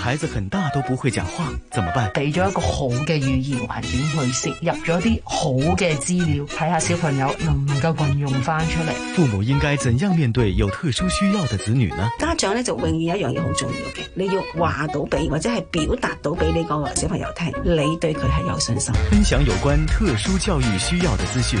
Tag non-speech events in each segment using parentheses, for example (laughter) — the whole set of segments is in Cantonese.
孩子很大都不會講話，怎麼辦？俾咗一個好嘅語言環境去識，入咗啲好嘅資料，睇下小朋友能唔能夠運用翻出嚟。父母應該怎樣面對有特殊需要嘅子女呢？家長咧就永遠一樣嘢好重要嘅，你要話到俾，或者係表達到俾你個小朋友聽，你對佢係有信心。分享有關特殊教育需要嘅資訊。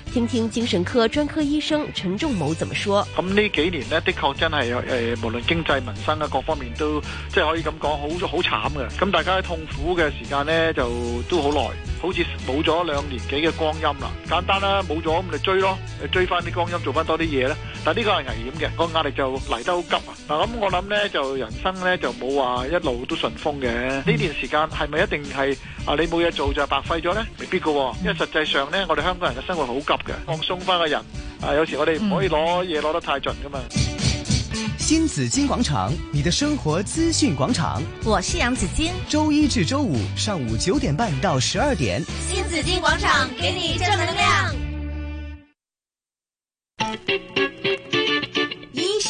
聽聽精神科專科醫生陳仲謀怎麼說：咁呢幾年呢，的確真係誒、呃，無論經濟民生啊，各方面都即係可以咁講，好好慘嘅。咁大家痛苦嘅時間呢，就都好耐，好似冇咗兩年幾嘅光陰啦。簡單啦、啊，冇咗咁嚟，追咯，追翻啲光陰，做翻多啲嘢啦。但係呢個係危險嘅，個壓力就嚟得好急啊。嗱，咁我諗呢，就人生呢，就冇話一路都順風嘅。呢、嗯、段時間係咪一定係啊？你冇嘢做就白費咗呢？未必噶、哦嗯，因為實際上呢，我哋香港人嘅生活好急。放鬆翻個人，啊，有時我哋唔可以攞嘢攞得太盡噶嘛。新紫金廣場，你的生活資訊廣場。我是楊紫金。周一至周五上午九點半到十二點。新紫金廣場，給你正能量。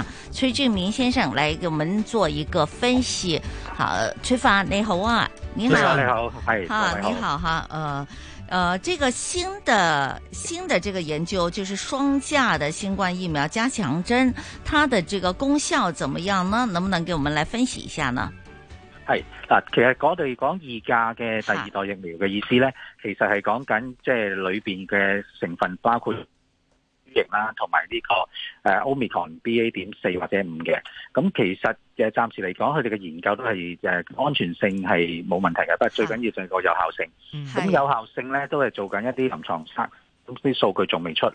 啊、崔俊明先生來給我們做一個分析。好，崔發你好啊，你好，你好，係，哈、啊，你好哈，呃、啊，呃、啊啊，這個新的新的這個研究，就是雙價的新冠疫苗加強針，它的這個功效怎麼樣呢？能不能給我們來分析一下呢？係嗱，其實我哋講二價嘅第二代疫苗嘅意思咧、啊，其實係講緊即係裏邊嘅成分包括。型啦，同埋呢個 Omicron BA. 點四或者五嘅，咁其實誒暫時嚟講，佢哋嘅研究都係誒安全性係冇問題嘅，不過最緊要就係個有效性。咁有效性咧都係做緊一啲臨牀測，咁啲數據仲未出。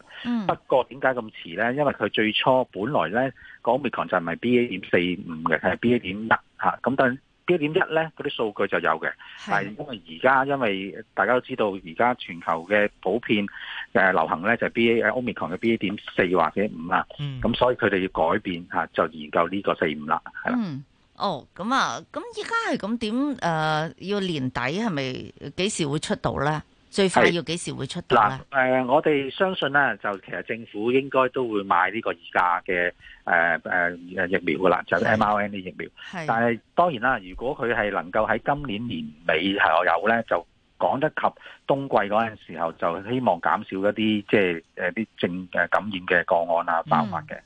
不過點解咁遲咧？因為佢最初本來咧個 Omicron 就唔係 BA. 點四五嘅，係 BA. 點一嚇，咁等。標點一咧，嗰啲數據就有嘅，但係因為而家因為大家都知道，而家全球嘅普遍誒流行咧就係 B A Omicron 嘅 B A 點四或者五啦，咁、嗯、所以佢哋要改變嚇，就研究呢個四五啦，係啦、嗯。哦，咁啊，咁依家係咁點誒？要年底係咪幾時會出到咧？最快要幾時會出到咧？嗱，誒，我哋相信咧，就其實政府應該都會買呢個二價嘅誒誒誒疫苗嘅啦，就 mRNA 嘅疫苗。但係當然啦，如果佢係能夠喺今年年尾係有咧，就講得及冬季嗰陣時候，就希望減少一啲即係誒啲症誒感染嘅個案啊爆發嘅。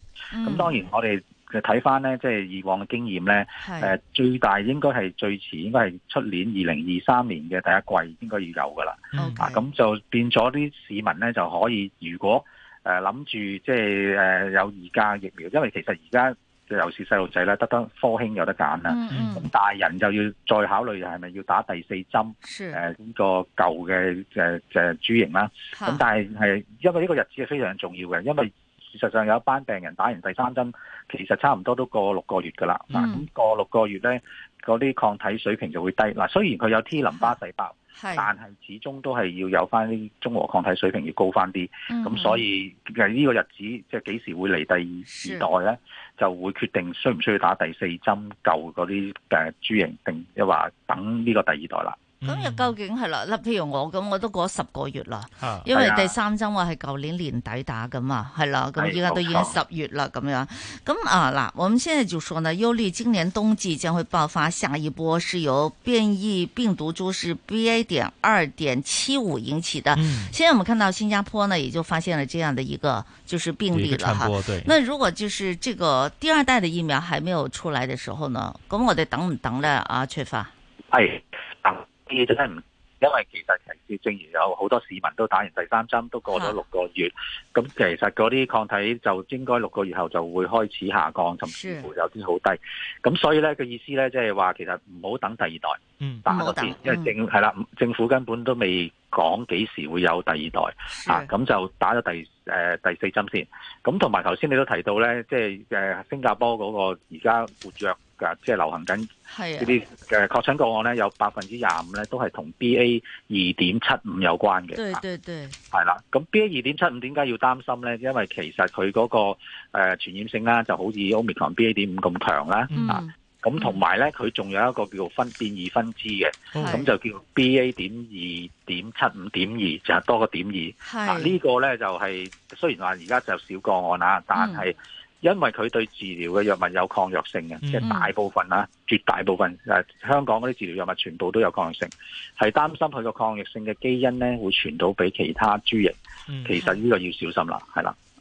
咁當然我哋。睇翻咧，即、就、係、是、以往嘅經驗咧、呃，最大應該係最遲應該係出年二零二三年嘅第一季應該要有噶啦。咁、okay. 啊、就變咗啲市民咧就可以，如果誒諗住即係誒有而家疫苗，因為其實而家尤其是細路仔咧，得得科興有得揀啦。咁、嗯嗯、大人就要再考慮係咪要打第四針？誒呢、呃呢個舊嘅、呃、株誒型啦。咁、啊啊、但係係因為呢個日子係非常重要嘅，因為事實上有一班病人打完第三針，其實差唔多都過六個月㗎啦。嗱、嗯，咁、那、過、個、六個月呢，嗰啲抗體水平就會低。嗱，雖然佢有 T 淋巴細胞，是是但係始終都係要有翻啲中和抗體水平要高翻啲。咁所以，呢個日子即係幾時會嚟第二代呢，就會決定需唔需要打第四針，舊嗰啲誒豬型定，亦話等呢個第二代啦。咁又究竟係啦，嗱、嗯嗯，譬如我咁，我都過十個月啦、啊，因為第三針話係舊年年底打噶嘛，係、啊、啦，咁依家都已經十月啦，咁、哎嗯、樣，咁啊啦，我們現在就說呢，憂慮今年冬季將會爆發下一波，是由變異病毒株是 B A 點二點七五引起的，嗯。現在我們看到新加坡呢，也就發現了這樣的一個就是病例啦，哈，對。那如果就是這個第二代的疫苗還沒有出來的時候呢，咁我哋等唔等呢？啊？缺乏。係、哎。啲因為其實其實正如有好多市民都打完第三針，都過咗六個月，咁、啊、其實嗰啲抗體就應該六個月後就會開始下降，甚至乎有啲好低。咁所以咧個意思咧，即係話其實唔好等第二代，嗯，嗯，打咗先，因為政係啦、嗯，政府根本都未講幾時會有第二代啊，咁就打咗第誒、呃、第四針先。咁同埋頭先你都提到咧，即係誒新加坡嗰個而家活躍即係流行緊呢啲誒確診個案咧，有百分之廿五咧都係同 B A 二點七五有關嘅。對對對，係啦。咁 B A 二點七五點解要擔心咧？因為其實佢嗰個誒傳染性啦，就好似奧密克戎 B A 點五咁強啦。嗯。咁同埋咧，佢仲有，有一個叫做分變異分支嘅，咁就叫 B A 點二點七五點二，啊這個、就係多個點二。係。呢個咧就係雖然話而家就少個案啦，但係，嗯因為佢對治療嘅藥物有抗藥性嘅，即係大部分啦，Mm-hmm.，絕大部分誒，就是、香港嗰啲治療藥物全部都有抗藥性，係擔心佢個抗藥性嘅基因咧會傳到俾其他豬疫。Mm-hmm. 其實呢個要小心啦，係啦。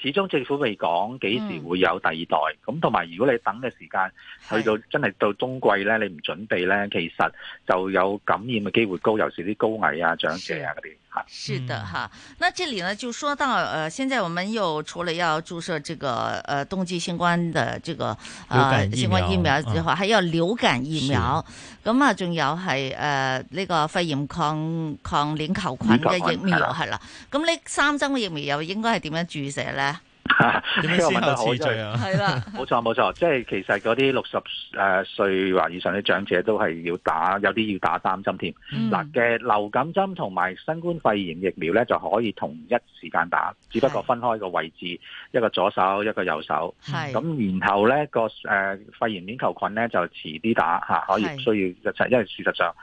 始終政府未講幾時會有第二代，咁同埋如果你等嘅時間去到真係到冬季咧，你唔準備咧，其實就有感染嘅機會高，尤其是啲高危啊、長者啊嗰啲嚇。是的哈，那這裡呢就說到，誒，現在我們又除了要注射這個誒冬季新冠的這個、啊、新冠疫苗，之後還要流感疫苗，咁啊，仲有係誒呢個肺炎抗抗鏈球菌嘅疫苗係啦。咁呢、嗯、三針嘅疫苗又應該係點樣注射咧？吓，呢個問題好對啊，係啦，冇錯，冇錯，即係其實嗰啲六十誒歲或以上嘅長者都係要打，有啲要打三針添。嗱、嗯、嘅流感針同埋新冠肺炎疫苗咧，就可以同一時間打，只不過分開個位置，一個左手，一個右手。係咁，然後咧，個誒肺炎鏈球菌咧就遲啲打吓，可以需要，因為事實上。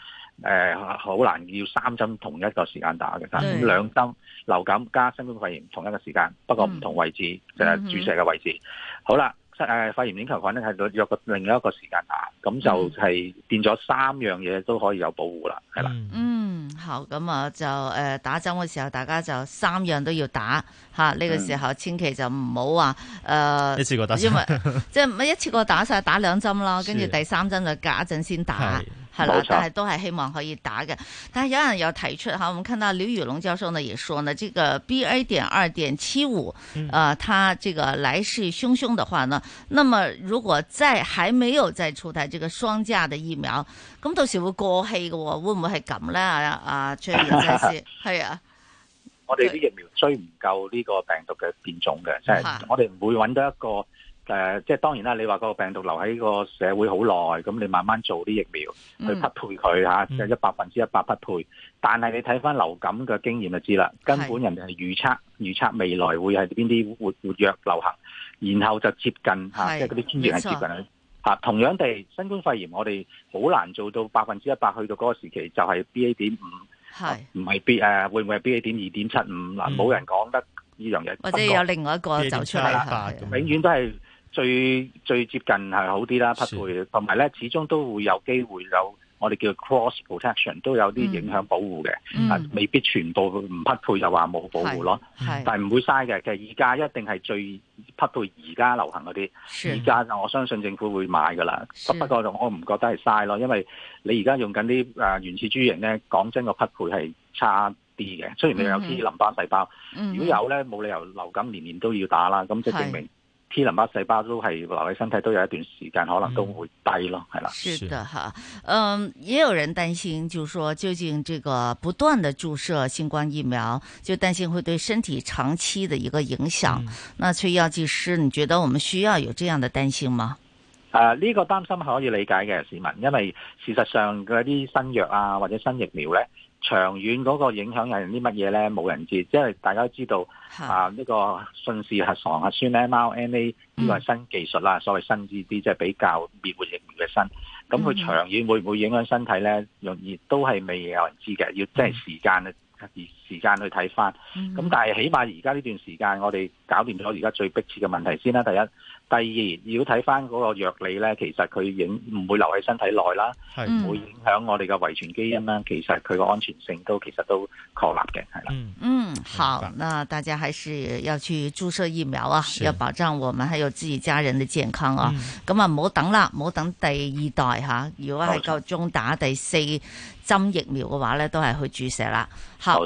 誒、呃，好難要三針同一個時間打嘅，但係咁兩針流感加新冠病毒肺炎同一個時間，不過唔同位置，嗯、就係、是、注射嘅位置。嗯、好啦，誒、呃，肺炎鏈球菌咧係到約個另外一個時間打，咁就係變咗三樣嘢都可以有保護啦，係啦。嗯，好，咁啊就誒、呃，打針嘅時候，大家就三樣都要打。吓呢，這個時候，嗯、千祈就唔好話，誒、呃，一次過打，因為即係唔係一次過打晒，打兩針啦，跟住第三針就隔一陣先打，係啦，但都係希望可以打嘅。但係有人有提出，哈，我們看到劉宇隆教授呢，也說呢，這個 B A 點二點七五，嗯，啊，他這個來勢洶洶的話呢，嗯，那麼如果再還沒有再出台這個雙價的疫苗，咁到時會過氣嘅，會唔會係咁呢？阿崔醫生，係啊。 (laughs) 我哋啲疫苗追唔夠呢個病毒嘅變種嘅，即、就、係、是、我哋唔會揾到一個誒，即係、呃就是、當然啦。你話個病毒留喺個社會好耐，咁你慢慢做啲疫苗、嗯、去匹配佢吓，即係一百分之一百匹配。嗯、但係你睇翻流感嘅經驗就知啦，根本人哋係預測預測未來會係邊啲活活躍流行，然後就接近吓，即係嗰啲專業係接近佢吓、啊。同樣地，新冠肺炎我哋好難做到百分之一百去到嗰個時期，就係、是、B A 點五。係唔未必誒？會唔會係 BA 點二點七五？嗱，冇人講得依樣嘢，或者有另外一個走出嚟、係啊。永遠都係最最接近係好啲啦，匹配。同埋咧，始終都會有機會有。我哋叫 cross protection 都有啲影響保護嘅，啊、嗯、未必全部唔匹配就話冇保護咯，但係唔會嘥嘅。其實而家一定係最匹配而家流行嗰啲，而家就我相信政府會買㗎啦。不過就我唔覺得係嘥咯，因為你而家用緊啲誒原始株型咧，講真個匹配係差啲嘅。雖然你有啲淋巴細胞、嗯，如果有咧，冇理由流感年年都要打啦。咁即係證明。T 淋巴細胞都係留喺身體，都有一段時間，可能都會低咯，係、嗯、啦。是的哈，嗯，也有人擔心就，就是說究竟這個不斷的注射新冠疫苗，就擔心會對身體長期的一個影響、嗯。那崔藥劑師，你覺得我們需要有這樣的擔心嗎？嗯、啊，呢、呢個擔心可以理解嘅市民，因為事實上嗰啲新藥啊或者新疫苗呢。長遠嗰個影響係啲乜嘢咧？冇人知，即係大家都知道啊，呢個信使核糖核酸 mRNA 呢個係新技術啦，嗯、所謂新啲啲即係比較滅活疫苗嘅新，咁佢長遠會唔會影響身體咧？容易都係未有人知嘅，要即係時間去。嗯時間去睇翻，咁但係起碼而家呢段時間，我哋搞掂咗而家最迫切嘅問題先啦。第一，第二如果睇翻嗰個藥理咧，其實佢影唔會留喺身體內啦，唔會影響我哋嘅遺傳基因啦。其實佢嘅安全性都其實都確立嘅，係啦。嗯，好，那大家還是要去注射疫苗啊，要保障我們還有自己家人嘅健康啊。咁、嗯、啊，唔好等啦，唔好等第二代嚇、啊，如果係夠鍾打第四針疫苗嘅話咧，都係去注射啦。好。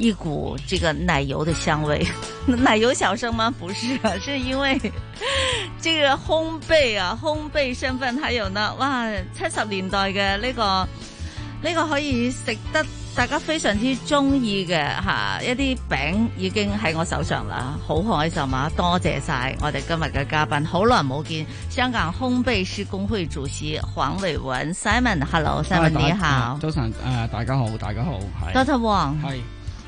一股這個奶油的香味，奶油小生嗎？不是，啊，是因為這個烘焙啊，烘焙身份喺度啦。哇，七十年代嘅呢，這個呢，這個可以食得大家非常之中意嘅吓一啲餅已經喺我手上啦，好開心啊！多謝晒我哋今日嘅嘉賓，好耐冇見，香港烘焙師工會主席黃文煒 Simon，Hello，Simon Simon, 你好，早晨誒，呃，大家好，大家好，係 Doctor Wong，係。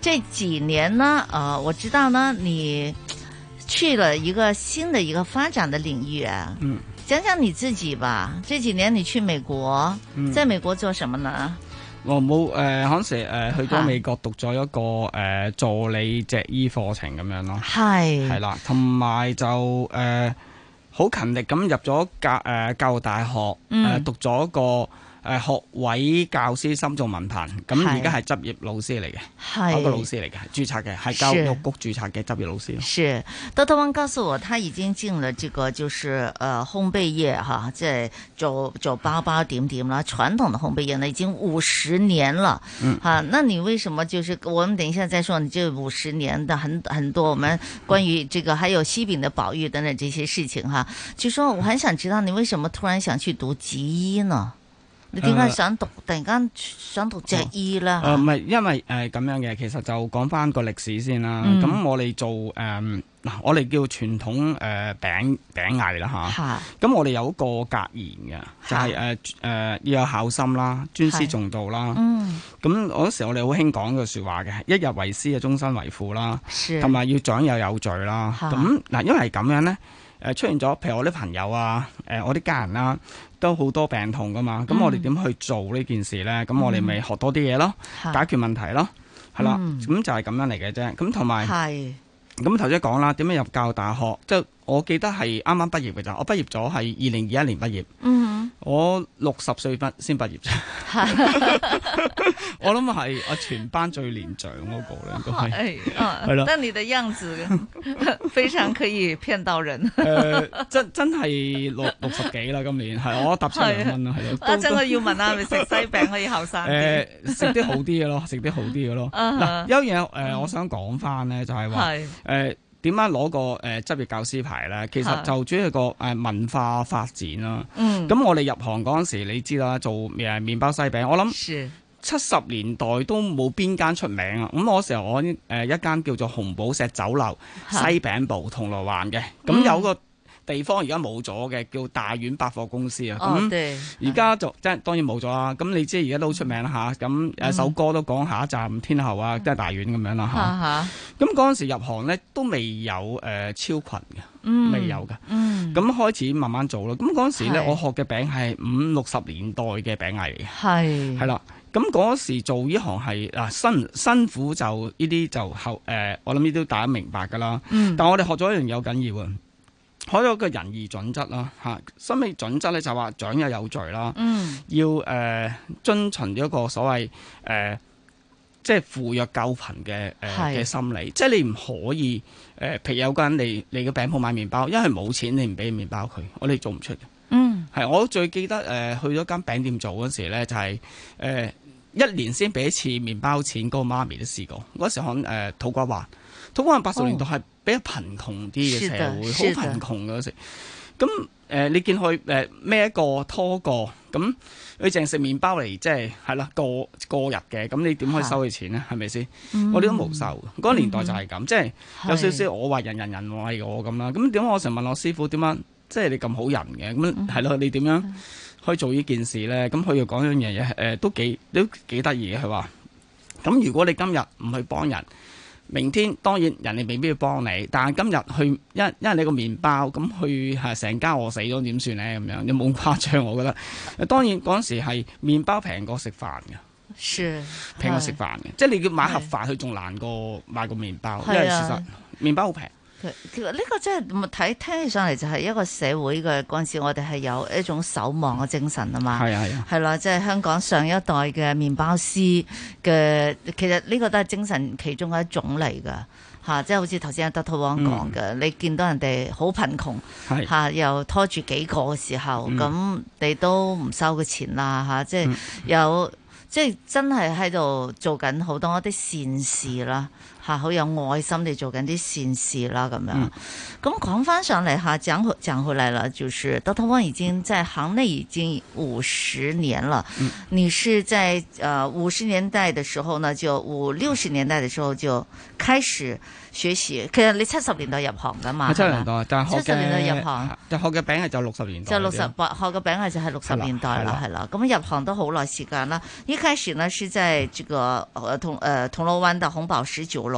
這幾年呢？啊、呃，我知道呢，你去了一個新的一個發展的領域啊。嗯。講講你自己吧。這幾年你去美國，嗯、在美國做什麼呢？我冇誒，嗰陣時誒去咗美國讀咗一個誒助、啊呃、理脊醫課程咁樣咯。係。係啦，同埋就誒好勤力咁入咗教誒、呃、教育大學誒、嗯呃、讀咗一個。誒學位教師心中文憑，咁而家係執業老師嚟嘅，一個老師嚟嘅，註冊嘅係教育局註冊嘅執業老師。是多德旺告訴我，他已經進了這個就是誒、呃、烘焙業哈，即、啊、係做做包包點點啦，傳統的烘焙業呢，已經五十年了。嗯，哈、啊，那你為什麼就是我們等一下再說你這五十年的很很多我們關於這個還有西餅的保育等等這些事情哈、啊，就說我很想知道你為什麼突然想去讀吉醫呢？你點解想讀、呃？突然間想讀脊醫呢？誒唔係，因為誒咁、呃、樣嘅，其實就講翻個歷史先啦。咁、嗯、我哋做誒嗱、呃，我哋叫傳統誒、呃、餅餅藝啦吓，咁、啊、我哋有一個格言嘅，就係誒誒要有孝心啦，尊師重道啦。咁嗰、嗯、時候我哋好興講個説話嘅，一日為師就終身為父啦，同埋要長幼有序啦。咁嗱、啊，因為係咁樣咧，誒、呃、出現咗，譬如我啲朋友啊，誒、呃、我啲家人啦、啊。都好多病痛噶嘛，咁我哋點去做呢件事呢？咁、嗯、我哋咪學多啲嘢咯、嗯，解決問題咯，係、嗯、啦，咁就係、是、咁樣嚟嘅啫。咁同埋，咁頭先講啦，點樣入教大學，即我記得係啱啱畢業嘅咋，我畢業咗係二零二一年畢業。嗯，我六十歲畢先畢業啫。 (laughs) (laughs) 我諗係我全班最年長嗰、那個咧，應該係係啦。但你的樣子非常可以騙到人。誒、 (laughs) 呃，真真係六六十幾啦，今年係我搭七嚟。問啦，係啦。我要問下咪食西餅可以後生誒，食 (laughs) 啲、呃、好啲嘅咯，食啲好啲嘅咯。嗱、 (laughs) 呃，有一樣誒、呃嗯呃，我想講翻咧，就係話誒。 (laughs) 呃點解攞個誒執業教師牌咧？其實就主要個誒文化發展啦、啊。嗯，咁我哋入行嗰陣時，你知啦，做誒麵包西餅，我諗七十年代都冇邊間出名啊。咁我時候我一間叫做紅寶石酒樓西餅部，銅鑼灣嘅，咁有個地方而家冇咗嘅叫大丸百貨公司啊，咁而家就即係當然冇咗啦。咁你知而家都好出名啦，咁首歌都講下一站、嗯、天后啊，即係大丸咁樣啦，咁嗰陣時入行咧都未有、呃、超群，嘅、嗯，未有嘅。咁、嗯、開始慢慢做咯。咁嗰陣時咧，我學嘅餅係五六十年代嘅餅藝嚟嘅，係係啦。咁嗰時做呢行係、啊、辛辛苦就呢啲就、呃、我諗呢都大家明白㗎啦、嗯。但我哋學咗一樣有緊要啊。好有個仁義準則啦，嚇！心理準則咧就話長幼有，有序啦、嗯，要誒、呃、遵循一個所謂誒、呃，即係扶弱救貧嘅誒嘅心理，即係你唔可以誒、呃，譬如有人嚟你你嘅餅鋪買麵包，因為冇錢你唔俾麵包佢，我哋做唔出嘅。嗯，係我最記得誒、呃、去咗間餅店做嗰時咧，就係、是、誒、呃、一年先俾一次麵包錢，嗰個媽咪都試過。嗰時響誒、呃、土瓜灣，土瓜灣八十年代係、哦。比較貧窮啲嘅社會，好貧窮嘅嗰時，咁誒、呃，你見佢誒孭一個拖個，咁佢淨係食麵包嚟，即係係啦，過過日嘅，咁你點可以收佢錢咧？係咪先？我哋都冇收，嗰、嗯、個年代就係咁、嗯，即係有少少我話人，人人人為我咁啦。咁點解我成日問我師傅點樣？即係你咁好人嘅，咁係咯？你點樣可以做呢件事咧？咁佢又講咗樣嘢，誒、呃，都幾都幾得意嘅，佢話，咁如果你今日唔去幫人，明天當然人哋未必要幫你，但係今日去，因為因為你個麵包咁去嚇成家餓死咗點算呢？咁樣你冇咁誇張，我覺得。當然嗰陣時係麵包平過食飯嘅，平過食飯嘅，即係你叫買盒飯，佢仲難過買個麵包，因為事實、啊、麵包好平。其實呢個真係睇聽起上嚟就係一個社會嘅嗰陣時，我哋係有一種守望嘅精神啊嘛，係啊，係啊，係咯，即係、就是、香港上一代嘅麵包師嘅，其實呢個都係精神其中一種嚟噶嚇。即、啊、係、就是、好似頭先阿德土王講嘅，嗯，你見到人哋好貧窮嚇、啊，又拖住幾個嘅時候，咁你都唔收佢錢啦嚇，即、啊、係、就是、有即係、就是、真係喺度做緊好多一啲善事啦。嚇、啊、好有愛心地做緊啲善事啦，咁樣。咁、嗯、講翻上嚟嚇，講講返嚟啦，就是德通灣已經在行內已經五十年啦、嗯。你是在誒五十年代嘅時候呢？就五六十年代嘅時候就開始學師。其實你七十年代入行噶嘛？七十年代，但係七十年代入行，就係學嘅餅係就六十年代。就六十八學嘅餅係就係六十年代啦，係啦。咁入行都好耐時間啦。一開始呢，是在這個銅誒、呃、銅鑼灣的紅寶石酒樓。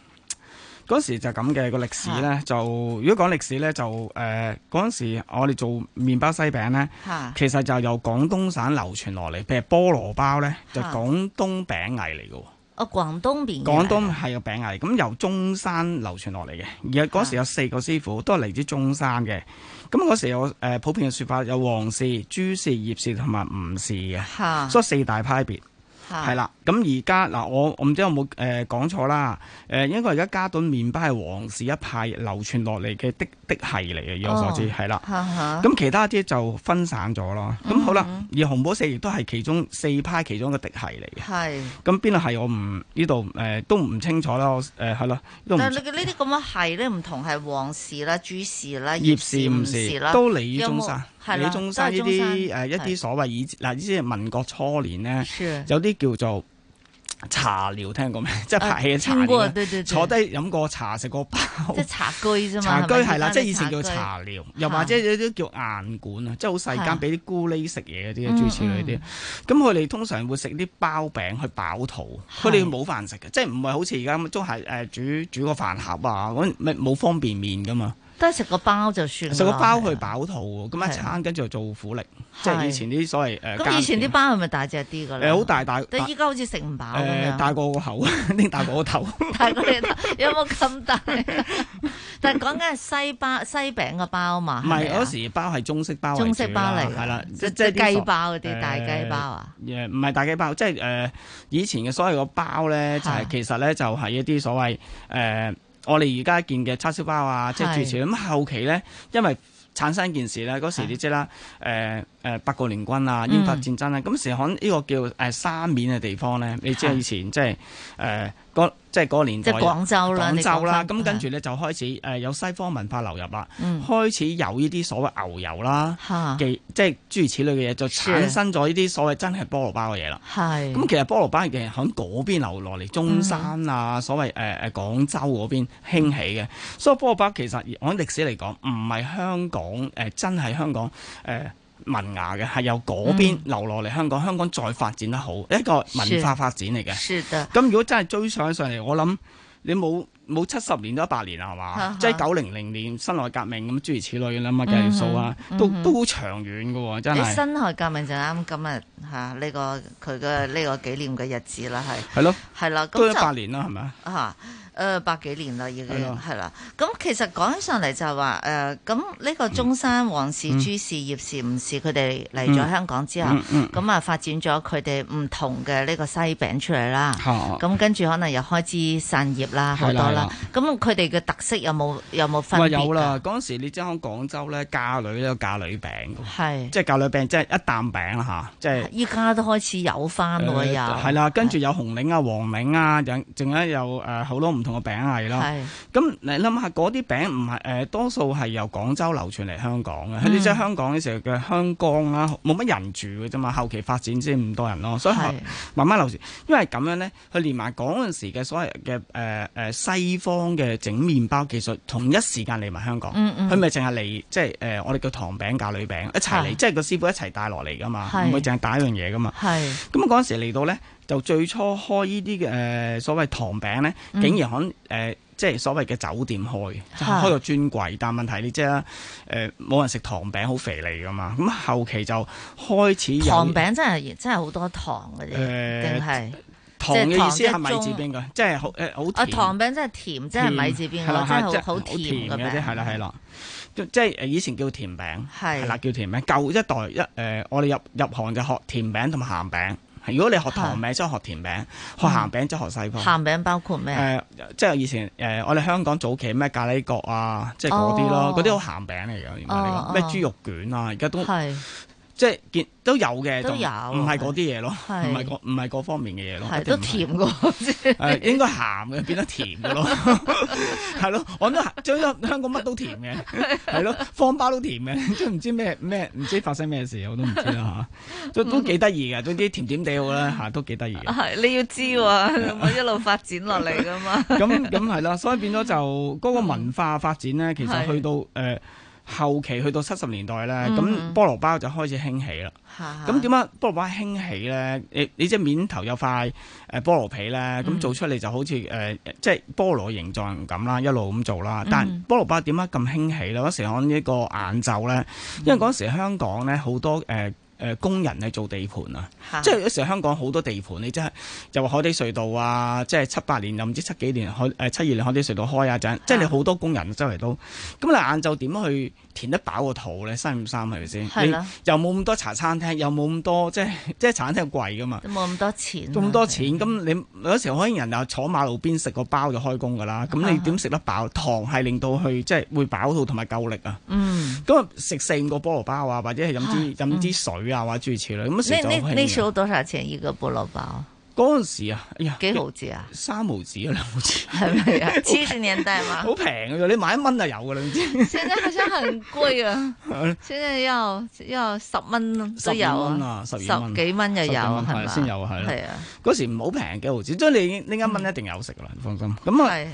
嗰時就咁嘅、個歷史呢，就如果講歷史呢，就誒嗰陣時我哋做麵包西餅呢、啊，其實就由廣東省流傳落嚟，譬如菠蘿包呢，啊、就、廣東餅藝嚟嘅喎。哦，廣東餅。廣東係個餅藝，咁由中山流傳落嚟嘅。而嗰時有四個師傅都係嚟自中山嘅。咁嗰時我誒、呃、普遍嘅說法有黃氏、朱氏、葉氏同埋吳氏嘅、啊，所以四大派別。係啦，咁而家嗱，我我唔知有冇誒講錯啦，誒應該而家嘉頓麵包係王氏一派流傳落嚟嘅的嫡系嚟嘅，以我所知係啦。嚇咁其他啲就分散咗咯。咁、嗯、哼好啦，而紅寶石亦都係其中四派其中一個嫡系嚟嘅。係的。咁邊個係我唔呢度誒都唔清楚啦。誒係啦。呃、但係你呢啲咁嘅係咧，唔同係王氏啦、朱氏啦、葉氏唔葉 是，是都嚟於中山。因為 你宗山呢啲誒一啲所謂以，嗱呢啲係民國初年咧，有啲叫做茶寮聽過咩？啊。即係拍戲嘅茶寮。了對對對，坐低飲過茶食過包，即係茶居啫嘛。茶居係啦，即係以前叫茶寮，又或者啲叫硬館啊，即係好細間一些，俾啲咕 l 食嘢，嗰啲諸如此啲。咁佢哋通常會食啲包餅去飽肚，佢哋冇飯食嘅，即係唔係好似而家咁中下，誒、呃、煮煮個飯盒啊？咁咩冇方便麵㗎嘛？得食個包就算啦，食個包去飽肚喎。咁、啊、一餐、啊、跟住做苦力，啊、即係以前啲所謂咁、啊呃呃、以前啲包係咪大隻啲噶咧？誒、欸、好大大，大，但依家好似食唔飽、呃。誒、呃、大過個口，拎 (laughs) 大過個頭。大過你頭 (laughs) 有冇咁大？ (laughs) 但係講緊係西包、 (laughs) 西餅嘅包嘛。唔係嗰時包係中式包，中式包嚟。係、啊、啦，即係雞包嗰啲大雞包啊？唔、呃、係大雞包，即係誒、呃、以前嘅所謂個包咧、啊，就係、是、其實咧就係一啲所謂誒。呃我哋而家見嘅叉燒包啊，即係住前咁後期咧，因為產生一件事咧，嗰時你知啦，誒。呃誒八國聯軍啊，英法戰爭啊。咁、嗯、時候響呢個叫誒沙面嘅地方咧，你知係以前、就是呃、即係誒嗰即係嗰年代，即係廣州啦。廣州啦，咁跟住咧就開始誒有西方文化流入啦、嗯，開始有呢啲所謂牛油啦，即係諸如此類嘅嘢，就產生咗呢啲所謂真係菠蘿包嘅嘢啦。係。咁其實菠蘿包其實響嗰邊流落嚟，中山啊，嗯、所謂誒誒、呃、廣州嗰邊興起嘅、嗯，所以菠蘿包其實按歷史嚟講，唔係香港誒、呃、真係香港誒。呃文雅嘅，係由嗰邊流落嚟香港、嗯，香港再發展得好，一個文化發展嚟嘅。是的。咁如果真係追上上嚟，我諗你冇冇七十年都一百年啊，係嘛？即係九零零年辛亥革命咁諸如此類嘅啦，乜嘅計數、嗯嗯、啊，都都好長遠嘅喎，真係。辛亥革命就啱今日嚇呢個佢嘅呢個紀念嘅日子啦，係。係咯。係啦，都一百年啦，係嘛？嚇、嗯！誒、呃、百幾年啦，已經係啦。咁其實講起上嚟就係話誒，咁、呃、呢個中山王氏、嗯、朱氏、葉氏、吳、嗯、氏，佢哋嚟咗香港之後，咁、嗯、啊、嗯、發展咗佢哋唔同嘅呢個西餅出嚟啦。咁、啊、跟住可能又開枝散葉啦，好多啦。咁佢哋嘅特色有冇有冇分？有啦，嗰陣時你即係喺廣州咧，嫁女咧嫁女餅，係即係嫁女餅，即、就、係、是、一啖餅啦即係。依、就、家、是、都開始有翻咯又。係、呃、啦，跟住有紅綾啊、黃綾啊，仲有誒好、呃、多唔唔同個餅藝咯，咁你諗下嗰啲餅唔係誒多數係由廣州流傳嚟香港嘅，呢、嗯、即係香港嗰時嘅香港啦，冇乜人住嘅啫嘛，後期發展先咁多人咯，所以慢慢流傳。因為咁樣咧，佢連埋嗰陣時嘅所謂嘅誒誒西方嘅整麵包技術，同一時間嚟埋香港，佢咪淨係嚟即係誒我哋叫糖餅、嫁女餅一齊嚟、啊，即係個師傅一齊帶落嚟噶嘛，唔會淨係帶一樣嘢噶嘛。係咁啊！嗰陣時嚟到咧。就最初開呢啲嘅誒所謂糖餅咧、嗯，竟然可能即係所謂嘅酒店開，嗯、開個專櫃。但問題你知啦，誒冇、呃、人食糖餅好肥膩㗎嘛。咁後期就開始有糖餅真係真係好多糖嘅，定係糖嘅意思係米字邊個？即係好誒好甜。糖餅真係、呃啊、甜，真係米字邊個？好甜嘅餅。係啦係啦，即係以前叫甜餅係啦，叫甜餅。舊一代一誒、呃，我哋入入行就學甜餅同埋鹹餅。如果你學糖餅，即係學甜餅；是學鹹餅，即係學西餅。鹹、嗯、餅包括咩？誒、呃，即係以前誒、呃，我哋香港早期咩咖喱角啊，即係嗰啲咯，嗰啲好鹹餅嚟嘅。你講咩豬肉卷啊？而家都係。即係見都有嘅，都有。唔係嗰啲嘢咯，唔係各、唔係各方面嘅嘢咯是是，都甜嘅，係、嗯、應該鹹嘅， (laughs) 變得甜嘅咯，係 (laughs) (laughs) 咯，我諗香港乜都甜嘅，係 (laughs) 咯，方包都甜嘅，都唔知咩咩，唔知發生咩事，我都唔知啦吓、 (laughs) 啊，都都幾得意嘅，總之甜點地好啦吓，都幾得意。係 (laughs) 你要知喎、啊，我 (laughs) 一路發展落嚟噶嘛。咁咁係啦，所以變咗就嗰、那個文化發展咧、嗯，其實去到誒。呃後期去到七十年代呢，咁菠蘿包就開始興起啦。咁點解菠蘿包興起呢？你你即面頭有塊誒菠蘿皮呢，咁做出嚟就好似誒即係菠蘿形狀咁啦，一路咁做啦。但菠蘿包點解咁興起咧？嗰、嗯、時講呢個晏晝呢，因為嗰時香港呢好多誒。呃誒、呃、工人係做地盤啊，啊即係有時候香港好多地盤，你真係就話海底隧道啊，即係七八年又唔知道七幾年海誒、呃、七二年海底隧道開啊，就、啊、即係你好多工人周圍都，咁你晏晝點去？填得飽個肚咧，三五三係咪先？係又冇咁多茶餐廳，又冇咁多即係即係茶餐廳貴噶嘛，都冇咁多錢。咁多錢咁你有時可能人又坐馬路邊食個包就開工噶啦，咁你點食得飽？啊、糖係令到佢，即、就、係、係、會飽肚同埋夠力啊。嗯。咁食四五個菠蘿包啊，或者係飲支飲啲水啊,啊、嗯、或者諸如此類咁。那、啊、那那時候多少錢一個菠蘿包、啊？嗰陣時、啊哎、呀，幾毫子啊，三毫子兩、啊、毫子，係咪啊？七十年代嘛，好平嘅，你買一蚊就有嘅啦，你知。現在好似很貴啊，先又又十蚊、啊、都有、啊十、啊、十,十幾蚊又有係嘛？先有係啦。係啊，嗰時唔好平幾毫子，所以你拎一蚊一定有食嘅啦，你放心。咁啊。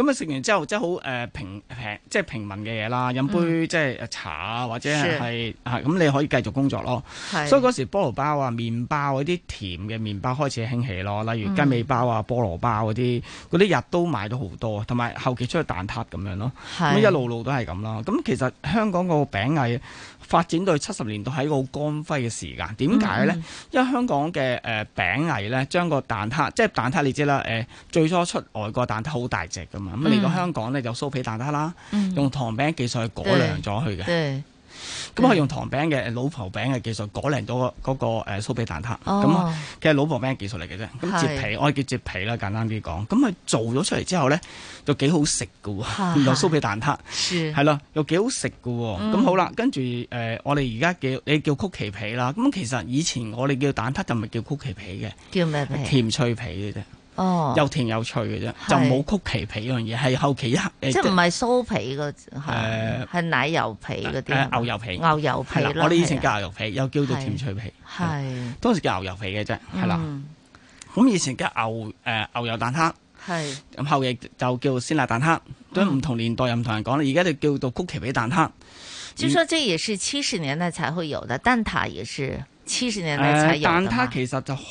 咁啊食完之後，即係好平平，即係平民嘅嘢啦。飲杯即係茶啊、嗯，或者係咁，你可以繼續工作咯。所以嗰時菠蘿包啊、麵包嗰啲甜嘅麵包開始興起咯。例如雞尾包啊、菠蘿包嗰啲，嗰、嗯、啲日都買到好多。同埋後期出去蛋撻咁樣咯，咁一路路都係咁咯。咁其實香港個餅藝，發展到七十年代係一個好光輝嘅時間，點解呢？嗯、因為香港嘅誒、呃、餅藝呢，將個蛋撻，即係蛋撻，你知啦，誒、呃、最初出外國蛋撻好大隻噶嘛，咁嚟到香港呢，就酥皮蛋撻啦，嗯、用糖餅技術去改良咗佢嘅。咁、嗯、佢用糖餅嘅老婆餅嘅技術，改良咗嗰個酥皮蛋撻。咁、哦、其實老婆餅嘅技術嚟嘅啫。咁接皮，我哋叫接皮啦，簡單啲講。咁佢做咗出嚟之後咧，就幾好食㗎喎。原來酥皮蛋撻係咯，又幾好食㗎喎。咁、嗯、好啦，跟住、呃、我哋而家叫你叫曲奇皮啦。咁其實以前我哋叫蛋撻，就唔係叫曲奇皮嘅。叫咩皮？甜脆皮嘅啫。哦，又甜又脆嘅啫，就冇曲奇皮嗰樣嘢，係後期黑，即係唔係酥皮嗰，係、呃、奶油皮嗰啲、呃，牛油皮，牛油皮我哋以前叫牛油皮、啊，又叫做甜脆皮。係當時叫牛油皮嘅啫，係啦。咁、嗯、以前嘅牛誒、呃、牛油蛋撻係咁後亦就叫鮮辣蛋撻，咁、嗯、唔同年代又唔同人講啦。而家就叫做曲奇皮蛋撻。據說這也是七十年代才會有的、嗯、蛋撻，也是。黐線、呃、但佢其實就好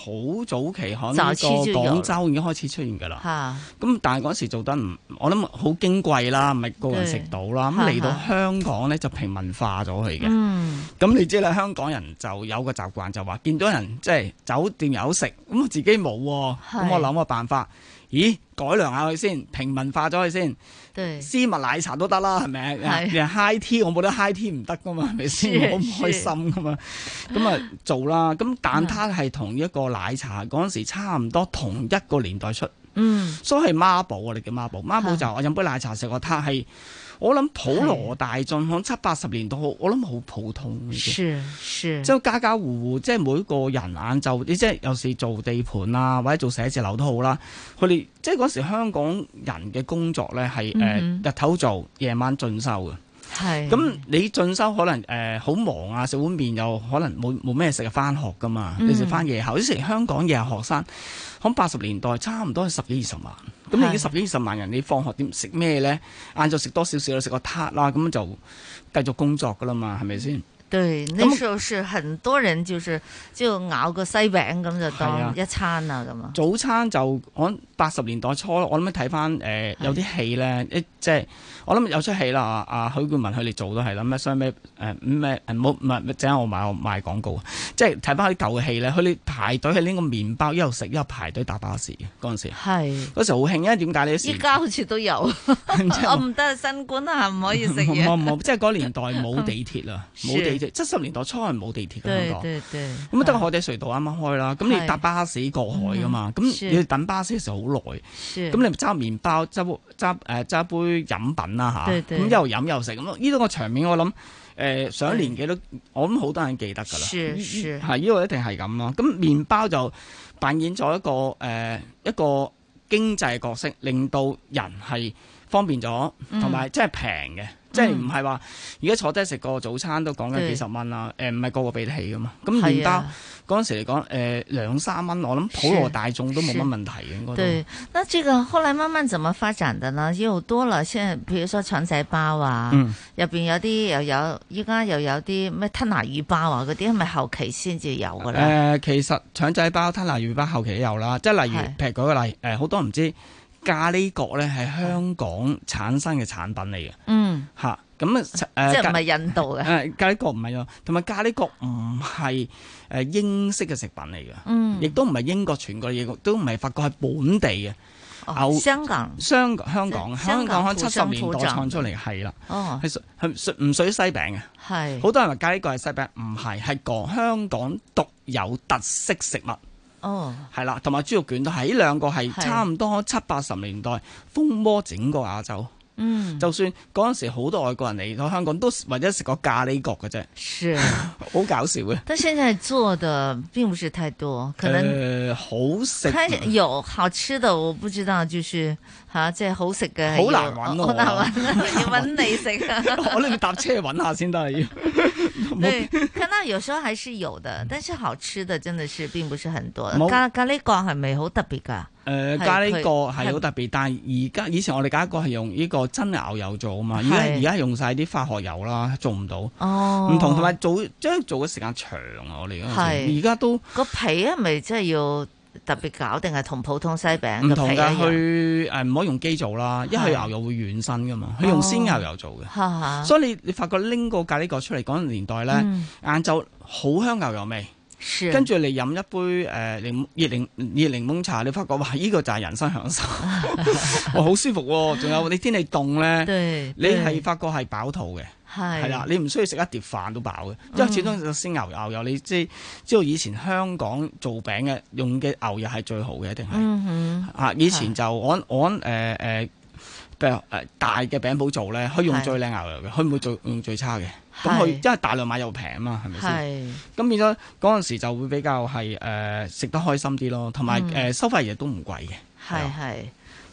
早期可能喺個廣州已經開始出現㗎啦。咁但係嗰時做得唔，我諗好矜貴啦，咪個人食到啦。咁嚟到香港呢，就平民化咗佢嘅。嗯。咁你知啦，香港人就有個習慣就話見到人即係、就是、酒店有食，咁我自己冇、啊，咁我諗個辦法，咦？改良下佢先，平民化咗佢先。絲襪奶茶都得啦，係咪？人、啊、high tea，我冇得 high tea 唔得噶嘛，係咪先？好唔開心噶嘛，咁啊，啊做啦。咁蛋撻係同一個奶茶嗰陣、啊、時差唔多同一個年代出。嗯，所以係孖寶，我哋叫孖寶。孖寶就我飲杯奶茶食個撻，係我諗普羅大眾響是七八十年都好，我諗好普通嘅。即係家家戶戶，即係每個人晏晝，亦即係有時做地盤啊，或者做寫字樓都好啦。佢哋即係嗰時香港人嘅工作咧係誒日頭做，夜晚進修嘅。係咁你進修可能誒好、呃、忙啊，食碗麵又可能冇冇咩食啊，返學噶嘛？嗯、你食返夜校，以前香港夜學生響八十年代差唔多十幾二十萬，咁你啲十幾二十萬人，你放學點食咩咧？晏晝食多少少，食個撻啦，咁就繼續工作噶啦嘛，係咪先？對，呢時候是很多人就是就咬個西餅咁就當一餐啊咁啊。早餐就咁。八十年代初，我諗睇翻誒有啲戲咧，即係我諗有出戲啦，阿許冠文佢哋做都係啦。咩？啊，所以好，誒唔係，整、呃、下、呃、我賣我賣廣告啊。即係睇翻啲舊戲咧，佢哋排隊喺呢個麵包，一路食一路排隊搭巴士嘅嗰陣時。係嗰時因為為好興啊！點解你依家好似都有， (laughs) 是我唔得 (laughs) 新冠啊，唔可以食嘢 (laughs) 即係嗰年代冇地鐵啦，冇地鐵。七 (laughs) 十年代初係冇地鐵嘅感覺。對對對，咁得海底隧道啱啱開啦。咁你搭巴士過海㗎嘛？咁、嗯、你等巴士嘅時候好耐，咁你揸麵包執執誒，揸杯飲品啦吓，咁、啊、又飲又食，咁呢種個場面我諗誒、呃、上一年紀都，嗯、我諗好多人記得噶啦，係依、呢個一定係咁咯。咁麵包就扮演咗一個誒、呃、一個經濟角色，令到人係方便咗，同埋即係平嘅。嗯嗯、即係唔係話而家坐低食個早餐都講緊幾十蚊啦？唔係、呃、個個俾得起噶嘛？咁麵包嗰陣時嚟講誒兩三蚊，我諗普羅大眾都冇乜問題嘅。對，那這個後來慢慢怎麼發展的呢？又多啦，現在譬如說腸仔包啊，入、嗯、面有啲又有，依家又有啲咩吞拿魚包啊嗰啲，係咪後期先至有㗎咧、呃？其實腸仔包、吞拿魚包後期都有啦，即係例如譬如舉個例，好、呃、多唔知。咖喱角呢係香港產生嘅產品嚟嘅，嗯吓，咁啊，即係唔係印度嘅，誒，咖喱角唔係咯，同埋咖喱角唔係誒英式嘅食品嚟嘅，嗯，亦都唔係英國全國嘅嘢。都唔係法國，係本地嘅，哦香，香港，香香港，香港七十年代創出嚟，係啦，哦，係係唔屬於西餅嘅，係，好多人話咖喱角係西餅，唔係，係港香港獨有特色食物。哦，係啦，同埋豬肉卷都喺兩個係差唔多七八十年代風靡整個亞洲。嗯，就算嗰陣時好多外國人嚟到香港，都為咗食過咖喱角嘅啫。是，好 (laughs) 搞笑嘅。但現在做的並不是太多，可能、呃、好食！有好吃的，我不知道，就是。吓、啊，即係好食嘅，好難揾，好難揾，要你嚟食。我都 (laughs) 要搭車揾下先得要。有時候還是有的，但是好吃的真的是並不是很多。咖咖喱角係咪好特別噶？誒，咖喱角係好特別，呃，但係而家以前我哋咖喱角係用呢個真的牛油做啊嘛，而家而家用晒啲化學油啦，做唔到。哦，唔同，同埋做即係做嘅時間長啊，我哋而家都個皮係咪真係要？特別搞定係同普通西餅唔同噶，佢誒唔可以用機做啦，因為牛油會軟身噶嘛，佢用鮮牛油做嘅，哦，所以你你發覺拎個咖喱角出嚟嗰陣年代咧，晏晝好香牛油味，跟住你飲一杯誒檸檬熱檸熱檸檬茶，你發覺哇，呢，這個就係人生享受，哇好 (laughs) 舒服，仲有你天氣凍咧，你係發覺係飽肚嘅。係啦、啊啊，你唔需要食一碟飯都飽嘅、嗯，因為始終食鮮牛油油，你知知道以前香港做餅嘅用嘅牛油係最好嘅，一定係。嗯啊以前就我按誒誒大嘅餅鋪做咧，可以用最靚牛油嘅，佢唔會做用最差嘅。咁佢因為大量買又平啊嘛，係咪先？咁變咗嗰陣時就會比較係誒食得開心啲咯，同埋誒收費嘢都唔貴嘅。係、嗯、係。係啊係係。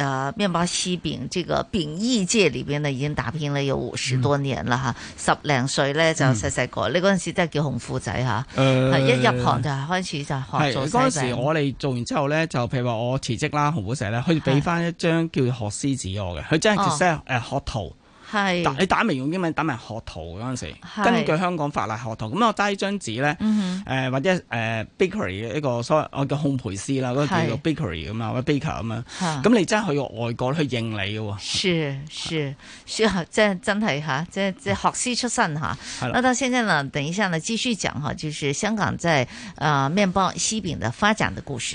誒、啊，麵包西餅，這個餅業界裏面呢已經打拼了有五十多年啦、嗯、十零歲咧就細細個，你嗰陣時都係叫紅褲仔。嗯啊、一入行就、呃、開始就學做西餅嗰時，我哋做完之後咧，就譬如話我辭職啦，紅褲仔咧，佢俾翻一張叫學師紙我嘅，佢真係叫 x c 學徒。係，你打明用英文，打埋學徒嗰陣時，根據香港法例學徒。咁我揸呢張紙咧，誒、嗯呃、或者誒、呃、bakery 嘅一個所謂我叫烘焙師啦，嗰、那個叫做 bakery 咁啊，或者 baker 咁樣。咁你真係去外國去認你喎。是是，即 (laughs) 係真係吓，即即學師出身吓、嗯。那到現在呢，等一下呢，繼續講吓就是香港在啊麵、呃、包西餅的發展的故事。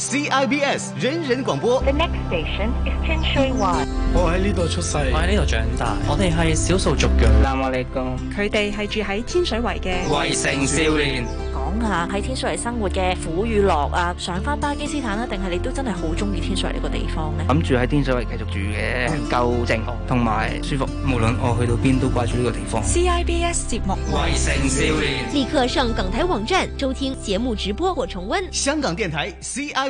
CIBS 人人廣播。The next station is 天水圍。 (laughs) 我喺呢度出世，我喺呢度長大，我哋係少數族嘅。南無阿佢哋係住喺天水圍嘅。圍城少年。講下喺天水圍生活嘅苦與樂啊，想返巴基斯坦啦，啊，定係你都真係好中意天水圍呢個地方呢？諗住喺天水圍繼續住嘅，夠靜同埋舒服。無論我去到邊都掛住呢個地方。CIBS 節目。圍城少年。立刻上港台網站收聽節目直播或重溫。香港電台 CIBS。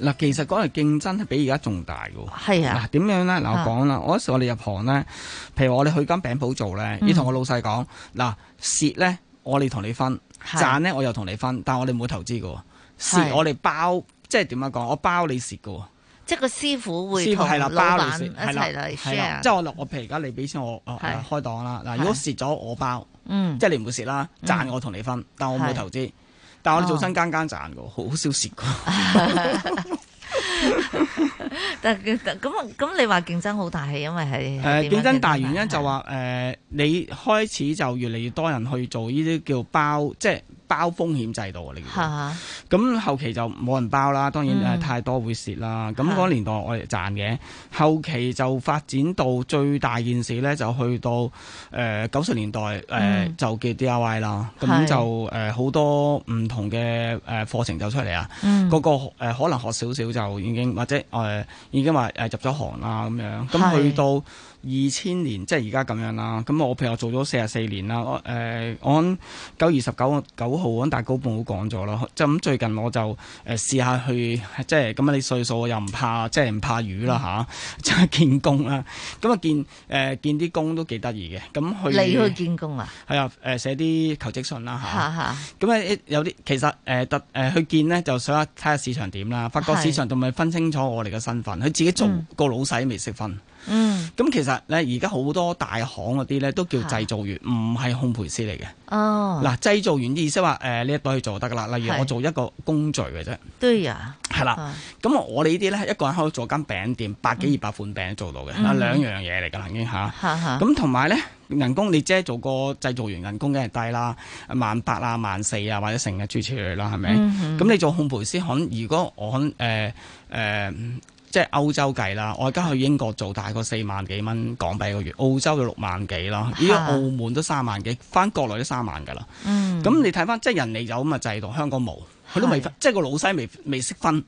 嗱，其實講嚟競爭係比而家仲大嘅喎。啊。嗱，點樣咧？嗱，我講啦，我嗰時我哋入行咧，譬如我哋去間餅鋪做咧，要同我老細講，嗱、嗯、蝕咧我哋同你分，賺咧我又同你分，但我哋冇投資嘅喎。蝕我哋包，即係點樣講？我包你蝕嘅喎。即係個師傅會同老闆包你蝕一齊嚟 s h a 即係我落我譬如而家你俾錢我是，開檔啦。嗱，如果蝕咗我包，是嗯、即係你唔會蝕啦。賺我同你分，嗯、但我冇投資。但我哋做真間間賺嘅，哦、好好少蝕嘅。但係咁咁，你話競爭好大係因為係誒、呃、競爭大原因 (laughs) 就話誒、呃，你開始就越嚟越多人去做呢啲叫包，即係。包風險制度你啊！呢個咁後期就冇人包啦。當然太多會蝕啦。咁、嗯、嗰、那個、年代我哋賺嘅、啊、後期就發展到最大件事咧，就去到誒九十年代誒、呃、就叫 D I Y 啦。咁、嗯、就誒好、呃、多唔同嘅誒課程就出嚟啊。嗰、嗯那個、呃、可能學少少就已經或者誒、呃、已經話入咗行啦咁樣咁去到。二千年即係而家咁樣啦，咁我譬如我做咗四十四年啦，我誒按九月十九九號按大高盤講咗咯，就咁最近我就誒試下去，即係咁樣你歲數我又唔怕，即係唔怕雨啦吓，即係見工啦。咁啊見誒見啲工都幾得意嘅，咁去你去見工啊？係啊，誒、呃啊啊、寫啲求職信啦吓，咁、啊、咧 (laughs) 有啲其實誒特誒去見呢，就想下睇下市場點啦。發覺市場仲未分清楚我哋嘅身份，佢自己做個老細未識分。嗯嗯，咁其實咧，而家好多大行嗰啲咧都叫製造員，唔係烘焙師嚟嘅。哦，嗱，製造員嘅意思話，誒、呃，呢一堆做得噶啦，例如我做一個工序嘅啫。對呀、啊。係啦、啊，咁、啊、我哋呢啲咧，一個人可以做間餅店百幾二百款餅做到嘅，嗯兩的嗯、啊，兩樣嘢嚟噶啦已經吓。咁同埋咧，人工你即係做個製造員，人工梗係低啦，萬八啊，萬四啊，或者成日諸如此類啦，係咪？咁、嗯、你做烘焙師，可能如果我誒誒。呃呃即係歐洲計啦，我而家去英國做大概四萬幾蚊港幣一個月，澳洲就六萬幾啦，依家澳門都三萬幾，翻國內都三萬噶啦。咁、嗯、你睇翻即係人哋有咁嘅制度，香港冇，佢都未分，即係個老細未未識分，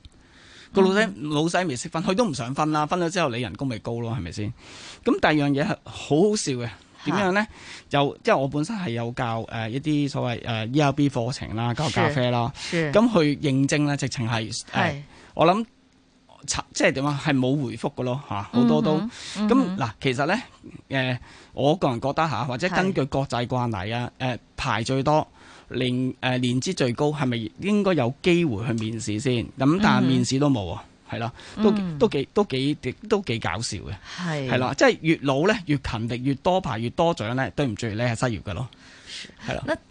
個老細、嗯、老細未識分，佢都唔想分啦，分咗之後你人工咪高咯，係咪先？咁第二樣嘢係好好笑嘅，點樣咧？就即係我本身係有教誒一啲所謂 ERB 課程啦，教咖啡啦，咁去認證咧，直情係係我諗。即係點啊？係冇回覆嘅咯吓，好多都咁嗱、嗯嗯。其實咧，誒、呃，我個人覺得吓，或者根據國際慣例啊，誒、呃，排最多，呃、年誒年資最高，係咪應該有機會去面試先？咁、嗯、但係面試都冇啊，係啦，都幾、嗯、都幾都幾都幾，都幾搞笑嘅，係、嗯、啦，即係越老咧，越勤力，越多排，越多獎咧，對唔住咧，係失業嘅咯，係啦。 (laughs)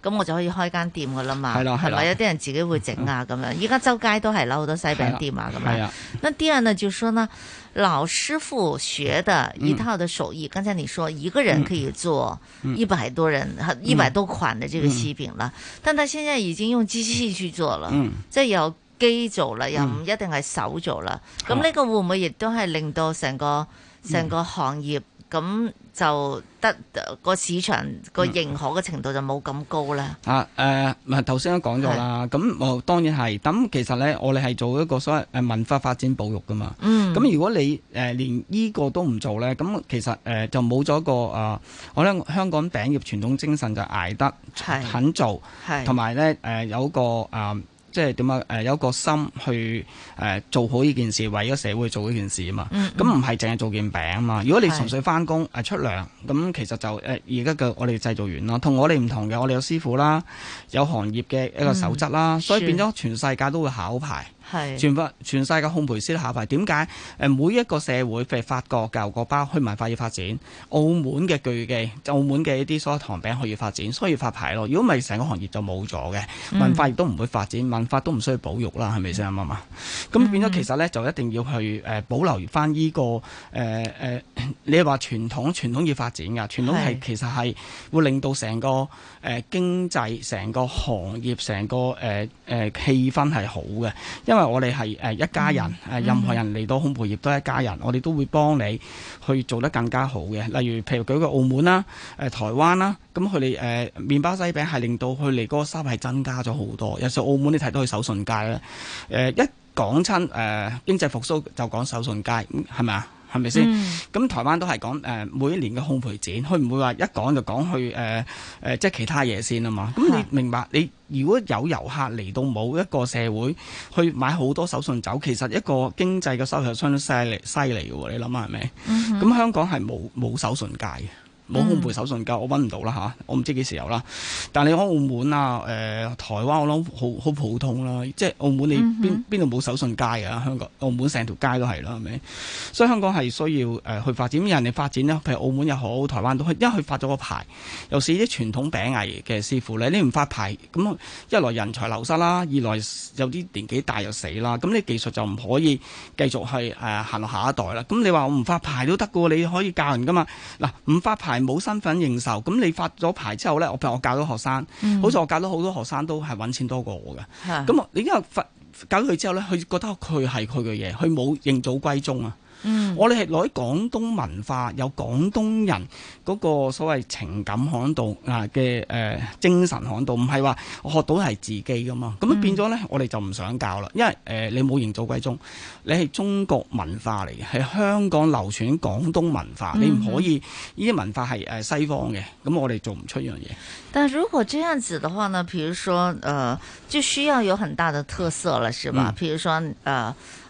咁我就可以開間店噶啦嘛。係咪有啲人自己會整啊咁樣？依家周街都係攞好多西餅店啊咁樣。嗱啲人啊就說呢，攞、就是、老師傅學嘅一套嘅手藝，剛才你說一個人可以做一百多人一百多款嘅這個西餅啦，但係現在已經用機器去做了，即係有機做啦，又唔一定係手做啦，咁呢、嗯、個會唔會亦都係令到成個成個行業咁？嗯就得個市場個認可嘅程度就冇咁高啦。啊，誒、呃，咪頭先都講咗啦。咁，我當然係。咁其實咧，我哋係做一個所謂文化發展保育噶嘛。咁、嗯、如果你誒、呃、連呢個都唔做咧，咁其實、呃、就冇咗個啊、呃。我諗香港餅業傳統精神就捱得，肯做，同埋咧誒有,呢、呃、有個啊。呃即係點啊？有個心去誒、呃、做好呢件事，為咗社會做呢件事啊嘛。咁唔係淨係做件餅啊嘛。如果你純粹翻工、呃、出糧，咁其實就誒而家嘅我哋製造員啦，我同我哋唔同嘅，我哋有師傅啦，有行業嘅一個守則啦，嗯、所以變咗全世界都會考牌。係，全法全世界烘焙師都考牌。點解？誒每一個社會，譬如法國、舊國包，佢文化要發展；澳門嘅巨記，澳門嘅一啲梳糖餅可以發展，所以要發牌咯。如果唔係，成個行業就冇咗嘅，文化亦都唔會發展，文化都唔需要保育啦，係咪先啊？咁、嗯、變咗其實咧，就一定要去誒、呃、保留翻、這、呢個誒誒、呃。你話傳統，傳統要發展㗎，傳統係其實係會令到成個誒、呃、經濟、成個行業、成個誒誒、呃、氣氛係好嘅，因因為我哋係誒一家人，誒、嗯、任何人嚟到烘焙業都係一家人，嗯、我哋都會幫你去做得更加好嘅。例如，譬如舉個澳門啦、啊，誒、呃、台灣啦、啊，咁佢哋誒麵包西餅係令到佢哋嗰個收入係增加咗好多。尤其澳門你睇到佢手信街誒、呃、一講親誒經濟復甦就講手信街，係咪啊？係咪先？咁、嗯、台灣都係講誒每一年嘅烘焙展，佢唔會話一講就講去誒、呃呃、即係其他嘢先啊嘛。咁你明白？你如果有遊客嚟到某一個社會去買好多手信走，其實一個經濟嘅收入相當犀利犀利嘅喎。你諗下係咪？咁、嗯、香港係冇冇手信界嘅。冇烘焙手信街，我揾唔到啦吓，我唔知幾時有啦。但係你講澳門啊，呃、台灣我，我諗好好普通啦。即係澳門你邊邊度冇手信街啊？香港、澳門成條街都係啦，係咪？所以香港係需要、呃、去發展，人哋發展呢，譬如澳門又好，台灣都，因為去發咗個牌，又試啲傳統餅藝嘅師傅咧，你唔發牌，咁一來人才流失啦，二來有啲年紀大又死啦，咁你技術就唔可以繼續去行落、呃、下一代啦。咁你話我唔發牌都得嘅喎，你可以教人㗎嘛？嗱、啊，唔發牌。冇身份認受，咁你發咗牌之後咧，我譬如我教咗學生，嗯、好似我教咗好多學生都係揾錢多過我嘅，咁、嗯、你因為發教咗佢之後咧，佢覺得佢係佢嘅嘢，佢冇認祖歸宗啊。嗯，我哋係攞啲廣東文化，有廣東人嗰個所謂情感響度啊嘅誒精神響度，唔係話我學到係自己噶嘛，咁樣變咗咧、嗯，我哋就唔想教啦，因為誒你冇認祖歸宗，你係中國文化嚟嘅，係香港流傳緊廣東文化，你唔可以呢啲、嗯、文化係誒、呃、西方嘅，咁我哋做唔出呢樣嘢。但如果這樣子的話呢？譬如說，誒、呃、就需要有很大的特色了，是吧？嗯、譬如說，誒、呃。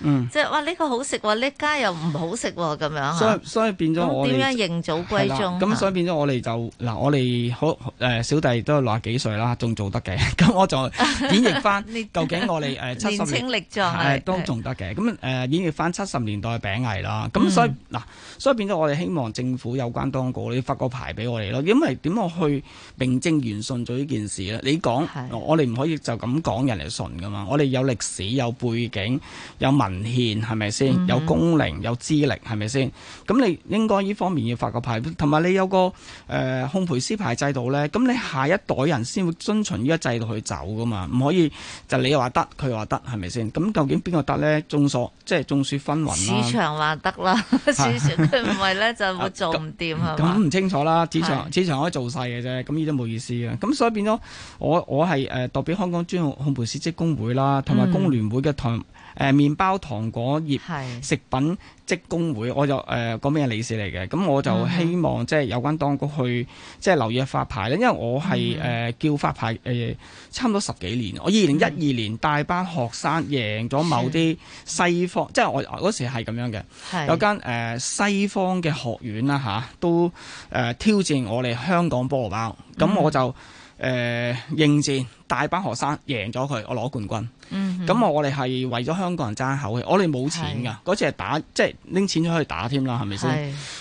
嗯，即係哇！呢個好食喎，呢家又唔好食喎，咁樣吓。所以所以變咗我點樣認祖歸宗？咁所以變咗我哋就嗱，我哋好誒，小弟都六十幾歲啦，仲做得嘅。咁我就演繹翻，究竟我哋誒七十年代都仲得嘅。咁誒演繹翻七十年代嘅餅藝啦。咁所以嗱，所以變咗我哋希望政府有關當局你發個牌俾我哋咯。因為點我去名正言順做呢件事咧？你講我哋唔可以就咁講人嚟，順噶嘛？我哋有歷史、有背景、有文。文獻，係咪先？有工齡、有資歷，係咪先咁？是是你應該呢方面要發個牌，同埋你有個誒、呃、烘焙師牌制度咧。咁你下一代人先會遵循呢個制度去走噶嘛？唔可以就你又話得，佢又話得，係咪先？咁究竟邊個得咧？眾所，即係眾說紛紜。市場話得啦 (laughs) 市場， (laughs) (laughs) 市場佢唔係咧就冇做唔掂，係嘛？咁唔清楚啦。市場市場可以做晒嘅啫，咁呢啲冇意思嘅。咁所以變咗我我係誒、呃、代表香港專業烘焙師職工會啦，同埋工聯會嘅台。嗯誒、呃、麵包糖果業食品職工會，我就誒講咩理事嚟嘅，咁我就希望即係、嗯就是、有關當局去即係、就是、留意發牌，因為我係誒、嗯呃、叫發牌誒、呃，差唔多十幾年，我二零一二年、嗯、大班學生贏咗某啲西方，是即係我我嗰時係咁樣嘅，有間誒、呃、西方嘅學院啦、啊、都誒、呃、挑戰我哋香港菠蘿包，咁、嗯、我就誒、呃、應戰，大班學生贏咗佢，我攞冠軍。嗯，咁我我哋係為咗香港人爭口氣，我哋冇錢噶，嗰次係打即係拎錢出去打添啦，係咪先？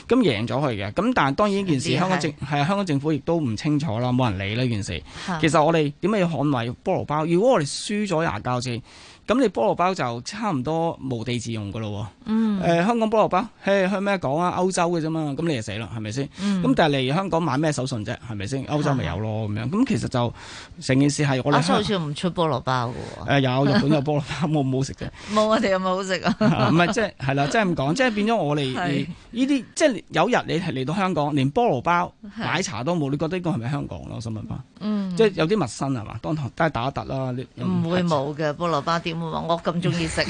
咁贏咗佢嘅，咁但係當然呢件事，香港政係啊，香港政府亦都唔清楚啦，冇人理呢件事。其實我哋點解要捍衛菠蘿包？如果我哋輸咗牙膠先。咁你菠蘿包就差唔多無地自容噶咯喎。誒香港菠蘿包，嘿去咩講啊？歐洲嘅啫嘛，咁你就死啦，係咪先？嗯。咁但係嚟香港買咩手信啫？係咪先？歐洲咪有咯咁樣。咁其實就成件事係我哋。亞洲好似唔出菠蘿包嘅喎、呃。有，日本有菠蘿包，冇 (laughs) 唔好食啫？冇，我哋有冇好食啊？唔係即係啦，即係咁講，即係、就是就是、變咗我哋呢啲，即係、就是、有日你係嚟到香港，連菠蘿包、奶茶都冇，你覺得呢個係咪香港咯？我想問返？嗯。即係有啲陌生係嘛？當堂都係打一突啦！你。唔、嗯、會冇嘅菠蘿包麼我咁中意食。 (laughs)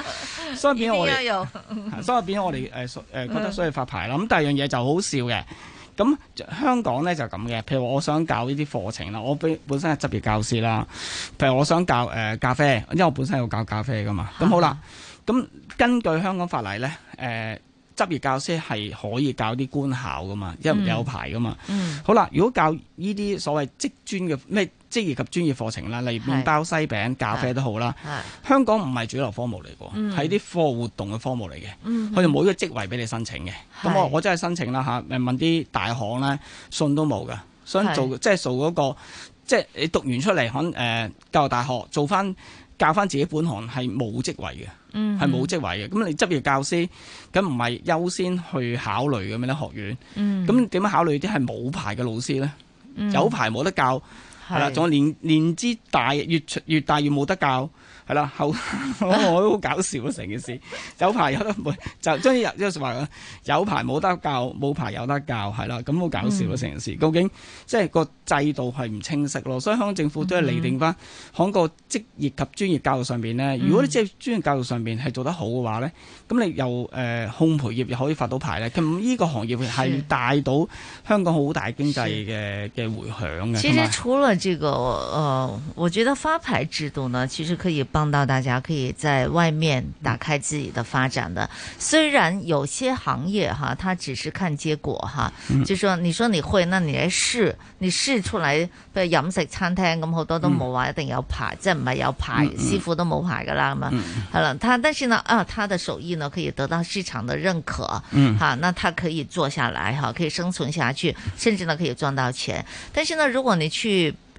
(laughs) 所以變我哋， (laughs) 所以變我哋誒誒覺得需要發牌啦。咁第二樣嘢就好笑嘅。咁香港咧就咁嘅。譬如我想教呢啲課程啦，我本本身係執業教師啦。譬如我想教誒咖啡，因為我本身有教咖啡㗎嘛。咁好啦，咁根據香港法例咧誒。呃執業教師係可以教啲官校噶嘛，因為有有牌噶嘛嗯。嗯，好啦，如果教呢啲所謂職專嘅咩職業及專業課程啦，例如麵包、西餅、咖啡都好啦。是是是香港唔係主流科目嚟嘅，係、嗯、啲課活動嘅科目嚟嘅。佢哋冇呢個職位俾你申請嘅。咁我我真係申請啦嚇，問啲大行咧信都冇嘅，想做是即係做嗰、嗰個，即係你讀完出嚟可能教育大學做翻教翻自己本行係冇職位嘅。嗯，係冇職位嘅，咁你執業教師，咁唔係優先去考慮嘅咩咧？學院，咁點樣考慮啲係冇牌嘅老師咧、嗯？有牌冇得教，係啦，仲有年年資大，越越大越冇得教。係啦，後我都好搞笑啊！成件事，有牌有得就中意，又即係話，有牌冇得教，冇牌有得教，係啦，咁好搞笑啊！成、嗯、件事。究竟即係個制度係唔清晰咯，所以香港政府都係厘定翻響個職業及專業教育上邊咧。如果你即係專業教育上邊係做得好嘅話咧，咁、嗯、你又誒烘焙業又可以發到牌咧。咁、這、呢個行業係帶到香港好大經濟嘅嘅回響嘅。其實除咗呢、這個，誒、呃，我覺得發牌制度呢，其實可以幫幫到大家可以在外面打開自己的發展的，雖然有些行業哈，他只是看結果哈，嗯、就說你說你會那你來試，你試出來，比如飲食餐廳，咁好多都冇話一定要牌，即係唔係要牌，師傅、嗯嗯、都冇牌噶啦咁好了，他但是呢啊，他的手藝呢可以得到市場的認可，嗯，好，那他可以做下來哈，可以生存下去，甚至呢可以賺到錢。但是呢，如果你去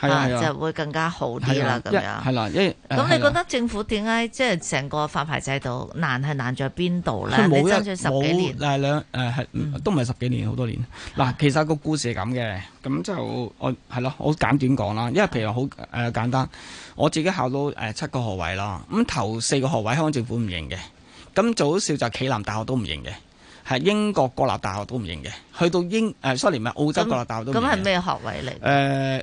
係啊，啊，啊，就會更加好啲啦，咁、啊、樣。係啦、啊，咁、啊啊、你覺得政府點解即係成個發牌制度難係難在邊度咧？你爭取十幾年兩誒、呃嗯，都唔係十幾年，好多年。嗱、啊，其實個故事係咁嘅，咁就我係咯、啊，我簡短講啦。因為譬如話好誒、呃、簡單，我自己考到誒、呃、七個學位咯。咁頭四個學位香港政府唔認嘅，咁早少就暨南大學都唔認嘅，係英國國立大學都唔認嘅，去到英誒，唔係、呃、澳洲國立大學都唔認，咁咁係咩學位嚟？誒、呃。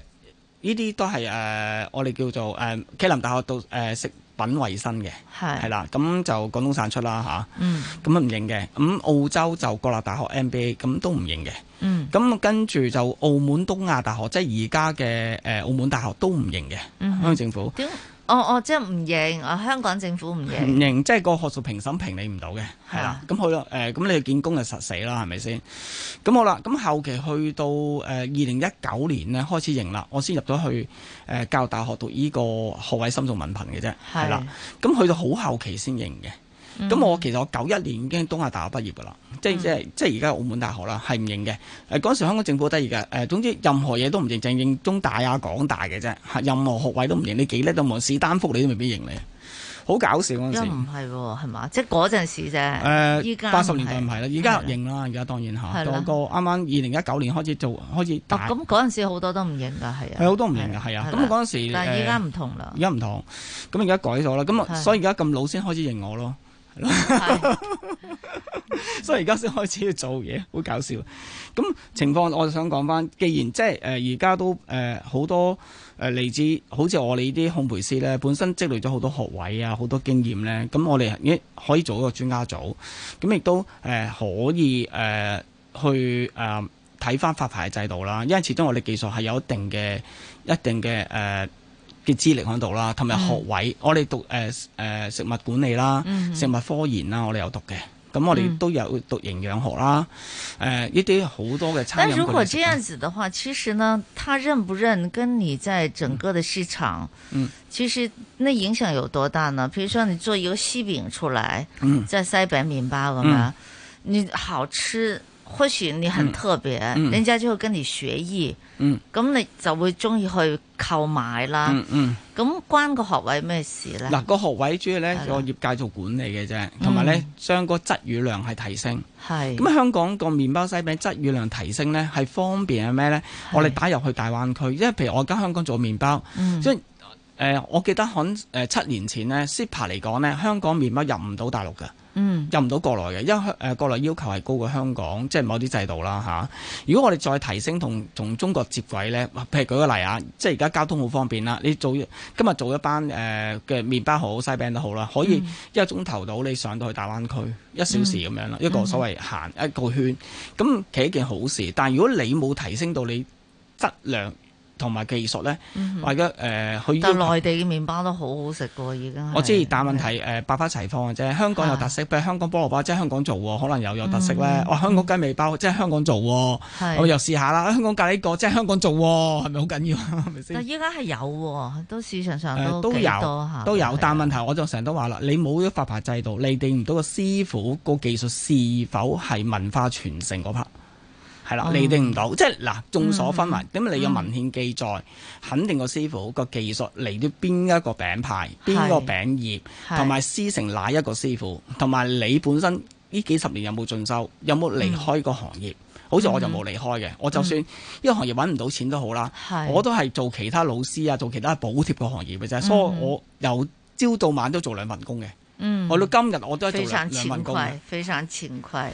呢啲都係誒、呃，我哋叫做誒，暨、呃、南大學讀誒、呃、食品衞生嘅，係係啦，咁就廣東省出啦吓。嗯，咁都唔認嘅，咁澳洲就國立大學 MBA，咁都唔認嘅，嗯，咁跟住就澳門東亞大學，即係而家嘅誒澳門大學都唔認嘅、嗯，嗯，香港政府。哦哦，即係唔認、哦，香港政府唔認，唔認，即係個學術評審評理唔到嘅，係啦，咁、呃、好啦，誒，咁你見工就實死啦，係咪先？咁好啦，咁後期去到誒二零一九年咧開始認啦，我先入咗去誒、呃、教育大學讀呢個學位深造文憑嘅啫，係啦，咁去到好後期先認嘅。咁、嗯、我其實我九一年已經東亞大學畢業㗎啦、嗯，即係即係即係而家澳門大學啦，係唔認嘅。誒嗰陣時香港政府得意㗎，誒總之任何嘢都唔認，淨認中大啊港大嘅啫，任何學位都唔認。你幾叻都冇，史丹福你都未必認你，好搞笑嗰陣時。唔係喎，係嘛？即係嗰陣時啫。誒、呃，八十年代唔係啦，而家認啦，而家當然嚇。係啱啱二零一九年開始做開始。咁嗰陣時好多都唔認㗎，係啊。好多唔認㗎，係啊。咁嗰陣時但係而家唔同啦。而家唔同，咁而家改咗啦。咁啊，所以而家咁老先開始認我咯。 (laughs) 是 (laughs) 所以而家先開始要做嘢，好搞笑。咁情況我就想講翻，既然即係誒而家都誒好、呃、多誒嚟、呃、自，好似我哋呢啲烘焙師咧，本身積累咗好多學位啊，好多經驗咧，咁我哋可以做一個專家組，咁亦都誒、呃、可以誒、呃、去誒睇翻發牌制度啦，因為始終我哋技術係有一定嘅、一定嘅誒。呃嘅資歷喺度啦，同埋學位，嗯、我哋讀誒誒、呃、食物管理啦、嗯，食物科研啦，我哋有讀嘅，咁我哋都有讀營養學啦，誒呢啲好多嘅餐飲，但如果這樣子的話，其實呢，他認不認，跟你在整個嘅市場、嗯，其實那影響有多大呢？譬如說你做一個西餅出來，在三百米八嗰邊，你好吃。或許你很特別，人、嗯、家、嗯、就會跟你學藝。咁、嗯、你就會中意去購買啦。咁、嗯嗯、關個學位咩事呢？嗱、啊，個學位主要咧做業界做管理嘅啫，同埋咧將個質與量係提升。係、嗯、咁，香港個麵包西餅質與量提升咧，係方便係咩呢？我哋打入去大灣區，因為譬如我而家香港做麵包，即、嗯、係、呃、我記得響誒七年前呢 SIPA 嚟講呢，香港麵包入唔到大陸噶。嗯，入唔到國內嘅，因為誒國內要求係高過香港，即係某啲制度啦嚇。如果我哋再提升同同中國接軌呢，譬如舉個例啊，即係而家交通好方便啦，你做今日做一班誒嘅麪包好西餅都好啦，可以一個鐘頭到你上到去大灣區，一小時咁樣啦，嗯，一個所謂行一個圈，咁其實一件好事。但係如果你冇提升到你質量，同埋技術咧，或者誒，佢、嗯、依、呃。但內地嘅麵包都好好食㗎喎，而家。我知，但問題誒、呃、百花齊放嘅啫。香港有特色，譬如香港菠蘿包，即、就、係、是、香港做喎，可能又有特色咧。我、嗯哦、香港雞尾包，即、就、係、是、香港做喎，我又試下啦。香港咖喱角，即、就、係、是、香港做喎，係咪好緊要？ (laughs) 但依家係有喎，都市場上都幾、呃、都有，都有。但問題我就成日都話啦，你冇咗發牌制度，你定唔到個師傅個技術是否係文化傳承嗰 p 係、嗯、啦，定唔到，即係嗱，眾所紛紜。點、嗯、解你有文獻記載，嗯、肯定個師傅個技術嚟到邊一個餅派，邊個餅業，同埋師承哪一個師傅，同埋你本身呢幾十年有冇進修，有冇離開個行業？嗯、好似我就冇離開嘅、嗯，我就算呢個行業揾唔到錢都好啦，我都係做其他老師啊，做其他補貼個行業嘅啫、嗯。所以我由朝到晚都做兩份工嘅。嗯，我到今日我都係做兩份工嘅。非常勤快，非常勤快。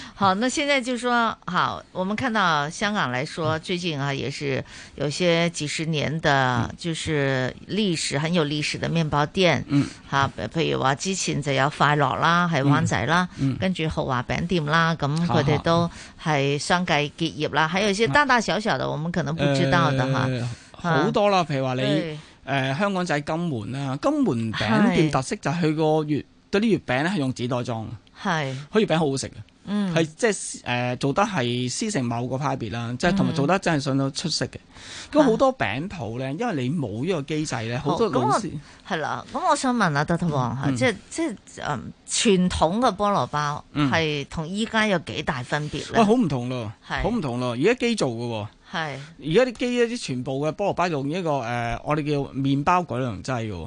好，那現在就說，好，我們看到香港來說，最近啊，也是有些幾十年的，就是歷史、嗯、很有歷史的麵包店，吓、嗯，譬、啊、如話之前就有快樂啦，喺、嗯、灣仔啦，嗯、跟住豪華餅店啦，咁佢哋都係相繼結業啦、啊，還有一些大大小小的，我們可能不知道的哈，好、嗯啊、多啦，啊、譬如話你誒、呃，香港仔金門啦，金門餅店特色就係佢個月對啲月餅咧係用紙袋裝，係，佢月餅好好食。嗯，係即係誒、呃、做得係師承某個派別啦，即係同埋做得真係相當出色嘅。咁、啊、好多餅鋪咧，因為你冇呢個機制咧、啊，好多老師。係啦。咁我想問下德德王嚇，即係即係誒、呃、傳統嘅菠蘿包係同依家有幾大分別咧？哇、啊，好唔同咯，好唔同咯，而家機做嘅喎。係而家啲機一啲全部嘅菠蘿包用一個誒、呃，我哋叫麵包改良劑嘅喎，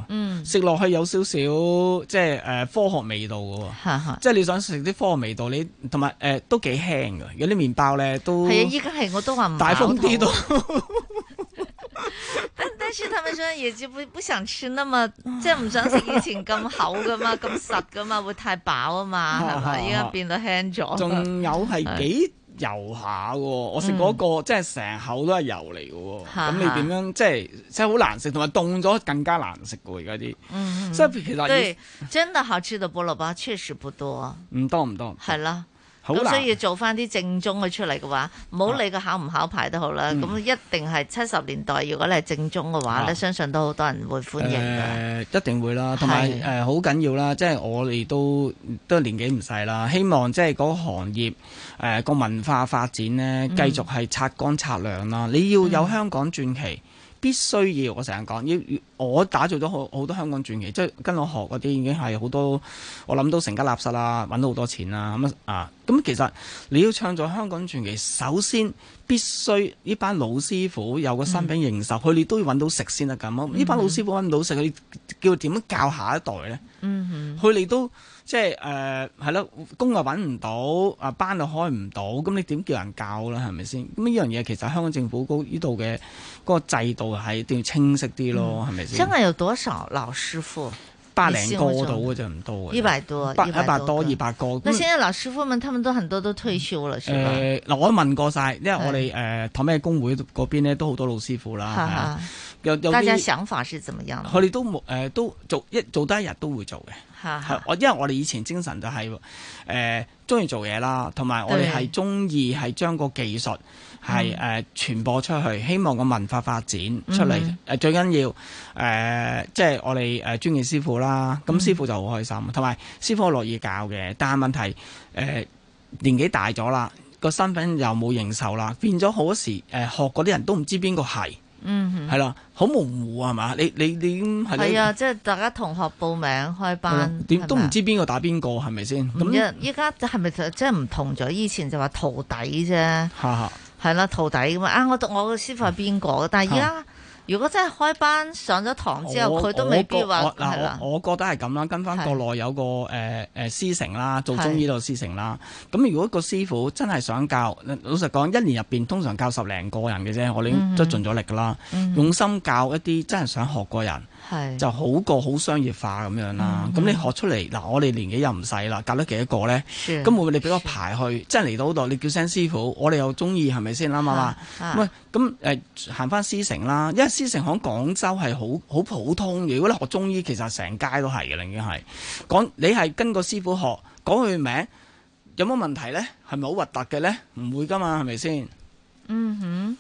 食、嗯、落去有少少即係誒科學味道嘅喎，即 (laughs) 係你想食啲科學味道，你同埋誒都幾輕嘅，有啲麵包咧都係啊！依家係我都話唔大啲肚，但但是他們說椰子不不想吃那嘛？ (laughs) 即係唔想食以前咁厚嘅嘛，咁 (laughs) 實嘅嘛會太飽啊嘛，係 (laughs) 嘛？依家變到輕咗，仲 (laughs) 有係幾。油下喎，我食嗰個、嗯、即係成口都係油嚟嘅，咁你點樣即係即係好難食，同埋凍咗更加難食嘅而家啲，即、嗯、所以其實。對，真的好吃的菠蘿包確實不多，唔多唔多，係啦。咁所以要做翻啲正宗嘅出嚟嘅話，唔好理佢考唔考牌都好啦。咁一、嗯、一定係七十年代，如果你係正宗嘅話咧、嗯，相信都好多人會歡迎嘅、嗯呃。一定會啦。同埋誒，好、呃、緊要啦。即、就、係、是、我哋都都年紀唔細啦。希望即係嗰行業誒個、呃、文化發展呢，繼續係擦光擦亮啦、嗯。你要有香港傳奇。必須要我成日講，要我打造咗好好多香港傳奇，即係跟我學嗰啲已經係好多，我諗到成家立室啦，搵到好多錢啦咁啊！咁其實你要創造香港傳奇，首先必須呢班老師傅有個新品認受，佢、嗯、哋都要搵到食先得咁。呢、嗯、班老師傅搵唔到食，佢哋叫點樣教下一代呢？嗯佢哋都。即係誒係咯，工又揾唔到，啊班又開唔到，咁你點叫人教啦？係咪先？咁呢樣嘢其實香港政府呢度嘅嗰個制度係一定要清晰啲咯，係咪先？香港有多少老師傅？八零個到嘅就唔多。一百多，一百多二百個。那現在老師傅們，他們都很多都退休了，是吧？嗱、呃，我都問過晒，因為我哋誒咩工會嗰邊咧，都好多老師傅啦大家想法是怎麼樣？佢哋都冇，誒、呃，都做一做得一日都會做嘅。吓 (laughs) 我因為我哋以前精神就係、是，誒、呃，中意做嘢啦，同埋我哋係中意係將個技術係誒、嗯呃、傳播出去，希望個文化發展出嚟。誒、嗯，最緊要誒、呃，即係我哋誒專業師傅啦，咁師傅就好開心，同、嗯、埋師傅好樂意教嘅。但係問題，誒、呃、年紀大咗啦，個身份又冇認受啦，變咗好多時，誒、呃、學嗰啲人都唔知邊個係。嗯，係啦、mm，好 hmm 模糊係嘛？你你你已經係係啊，即係大家同學報名開班，點的都唔知邊個打邊個係咪先？咁依依家即係咪即係唔同咗？以前就話徒弟啫，係啦， (laughs) 徒弟咁啊！我讀我嘅師傅係邊個？ (laughs) 但係而家。如果真係開班上咗堂之後，佢都未必話我，我，我，我覺得係咁啦，跟翻國內有個誒誒師承啦，做中醫度師承啦。咁如果一個師傅真係想教，老實講，一年入邊通常教十零個人嘅啫。我哋已經盡咗力噶啦，嗯嗯，用心教一啲真係想學個人。就好過好商業化咁樣啦。咁、嗯、你學出嚟嗱，我哋年紀又唔細啦，隔咗幾多個呢？咁、嗯、會唔會你俾個排去，即係嚟到嗰度，你叫聲師傅，我哋又中意，係咪先啦？嘛、啊、嘛。咁誒行翻師承」呃、成啦，因為師承」響廣州係好好普通。如果你學中醫，其實成街都係嘅，已經係。講你係跟個師傅學，講佢名有冇問題呢？係咪好核突嘅呢？唔會㗎嘛，係咪先？嗯哼。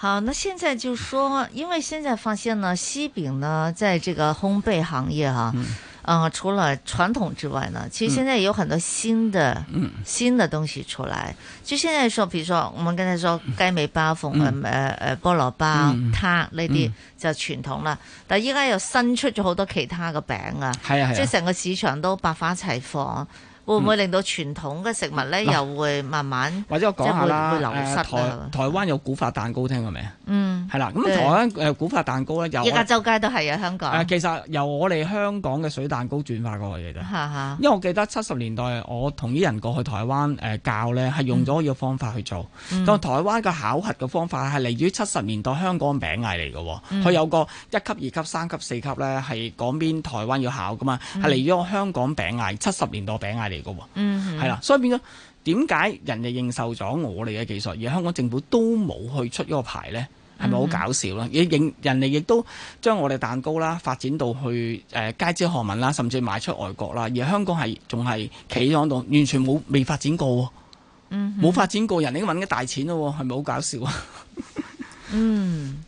好，那現在就說，因為現在發現呢，西餅呢，在這個烘焙行業哈、啊，嗯，呃，除了傳統之外呢，其實現在有很多新的、嗯、新的東西出來。就現在說，比如說我們剛才說，雞尾包、嗯呃呃、巴、風呃呃呃、菠蘿包、撻呢啲就傳統啦，但依家又新出咗好多其他嘅餅啊，係啊係啊，即係成個市場都百花齊放。會唔會令到傳統嘅食物咧、嗯，又會慢慢或者我講下啦，會流失、呃。台台灣有古法蛋糕聽到沒？聽過未？嗯，係啦。咁台灣古法蛋糕咧，依家周街都係啊，香港、呃、其實由我哋香港嘅水蛋糕轉化過嚟嘅啫。因為我記得七十年代我同啲人過去台灣、呃、教咧，係用咗呢個方法去做。咁、嗯、台灣嘅考核嘅方法係嚟於七十年代嘅香港餅藝嚟嘅，佢、嗯、有一個一級、二級、三級、四級咧，係嗰邊台灣要考嘅嘛，係嚟於我香港餅藝七十、嗯、年代嘅餅藝嚟。嘅喎，嗯，係啦，所以變咗，點解人哋認受咗我哋嘅技術，而香港政府都冇去出嗰個牌呢？係咪好搞笑咧？Mm -hmm. 人哋亦都將我哋蛋糕啦，發展到去誒、呃，街知巷聞啦，甚至賣出外國啦，而香港係仲係企喺度，完全冇未發展過，嗯，冇發展過，人哋已經搵咗大錢咯，係咪好搞笑啊？嗯、mm -hmm.。 (laughs)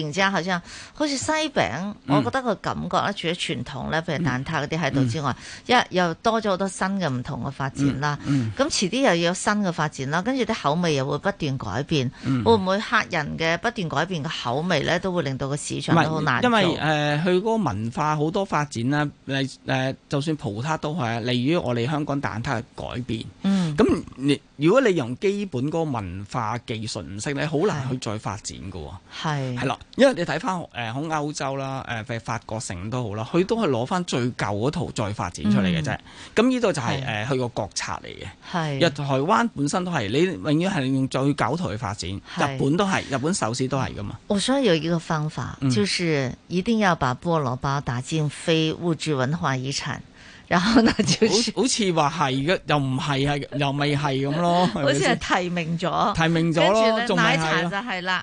然之後好似西餅、嗯，我覺得個感覺咧，除咗傳統咧，譬如蛋撻嗰啲喺度之外，一、嗯嗯、又多咗好多新嘅唔同嘅發展啦。咁遲啲又有新嘅發展啦，跟住啲口味又會不斷改變。嗯、會唔會客人嘅不斷改變嘅口味咧，都會令到個市場都好難做？因為誒，佢嗰個文化好多發展啦，誒，就算葡撻都係例如我哋香港蛋撻嘅改變。咁、嗯、你？如果你用基本嗰個文化技術唔識，你好難去再發展嘅喎。係係啦，因為你睇翻誒，響歐洲啦，誒、呃、譬如法國城都好啦，佢都係攞翻最舊嗰套再發展出嚟嘅啫。咁呢度就係誒佢個國策嚟嘅。係。日台灣本身都係，你永遠係用最舊套去發展。係日本都係，日本壽司都係噶嘛。我想有一個方法、嗯，就是一定要把菠蘿包打進非物質文化遺產。有，好似話係又唔係，又咪係咁咯。 (laughs) 好似係提名咗，提名咗咯，奶茶就係咯。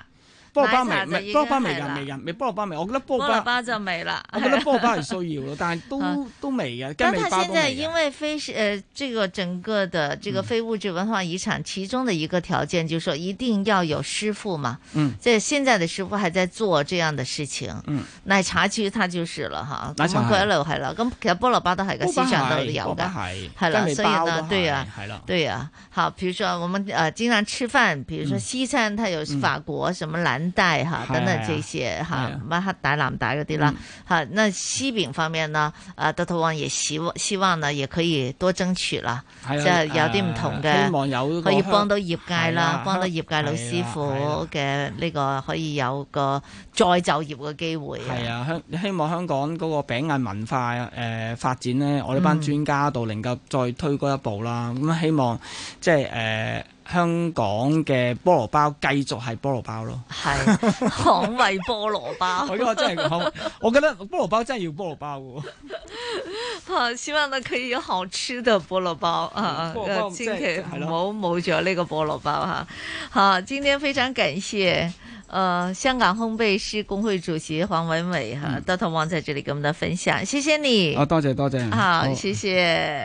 波巴味，唔係波巴波味，未人未波波味，我覺得波，巴，菠蘿包就未啦。我覺得菠蘿包係需要咯， (laughs) 但係都都未嘅。但係佢現在因為非呃這個整個的這個非物質文化遺產，嗯，其中的一個條件就是說一定要有師傅嘛。嗯，即係現在的師傅還在做這樣的事情。嗯，奶茶其實他就是了哈。奶、嗯、茶街一路啦，咁、啊、其實菠蘿包都係個市場都係有嘅，係啦，所以呢，對啊，對啊，好，譬如說我們呃經常吃飯，譬如說西餐，嗯、它有法國、嗯、什麼蘭。帶哈等等這些哈，乜、啊啊啊、黑帶藍帶嗰啲啦，好、啊。那西餅方面呢？啊，德圖王也希望，希望呢，也可以多爭取啦，即係、啊、有啲唔同嘅、呃，希望有可以幫到業界啦，幫、啊、到業界老師傅嘅呢個可以有個再就業嘅機會。係啊，香、啊嗯嗯、希望香港嗰個餅藝文化誒、呃、發展呢，我呢班專家度能夠再推多一步啦。咁、嗯嗯嗯、希望即係誒。呃香港嘅菠蘿包繼續係菠蘿包咯，係捍衛菠蘿包。佢而真係我覺得菠蘿包真係要菠蘿包。 (laughs) 好，希望呢可以有好吃的菠蘿包啊，千祈唔好冇咗呢個菠蘿包吓、啊。好，今天非常感謝，誒、呃，香港烘焙師工會主席黃文煒吓，多特王在這裡跟我們的分享，謝謝你。啊、哦，多謝多謝。好，哦、謝謝。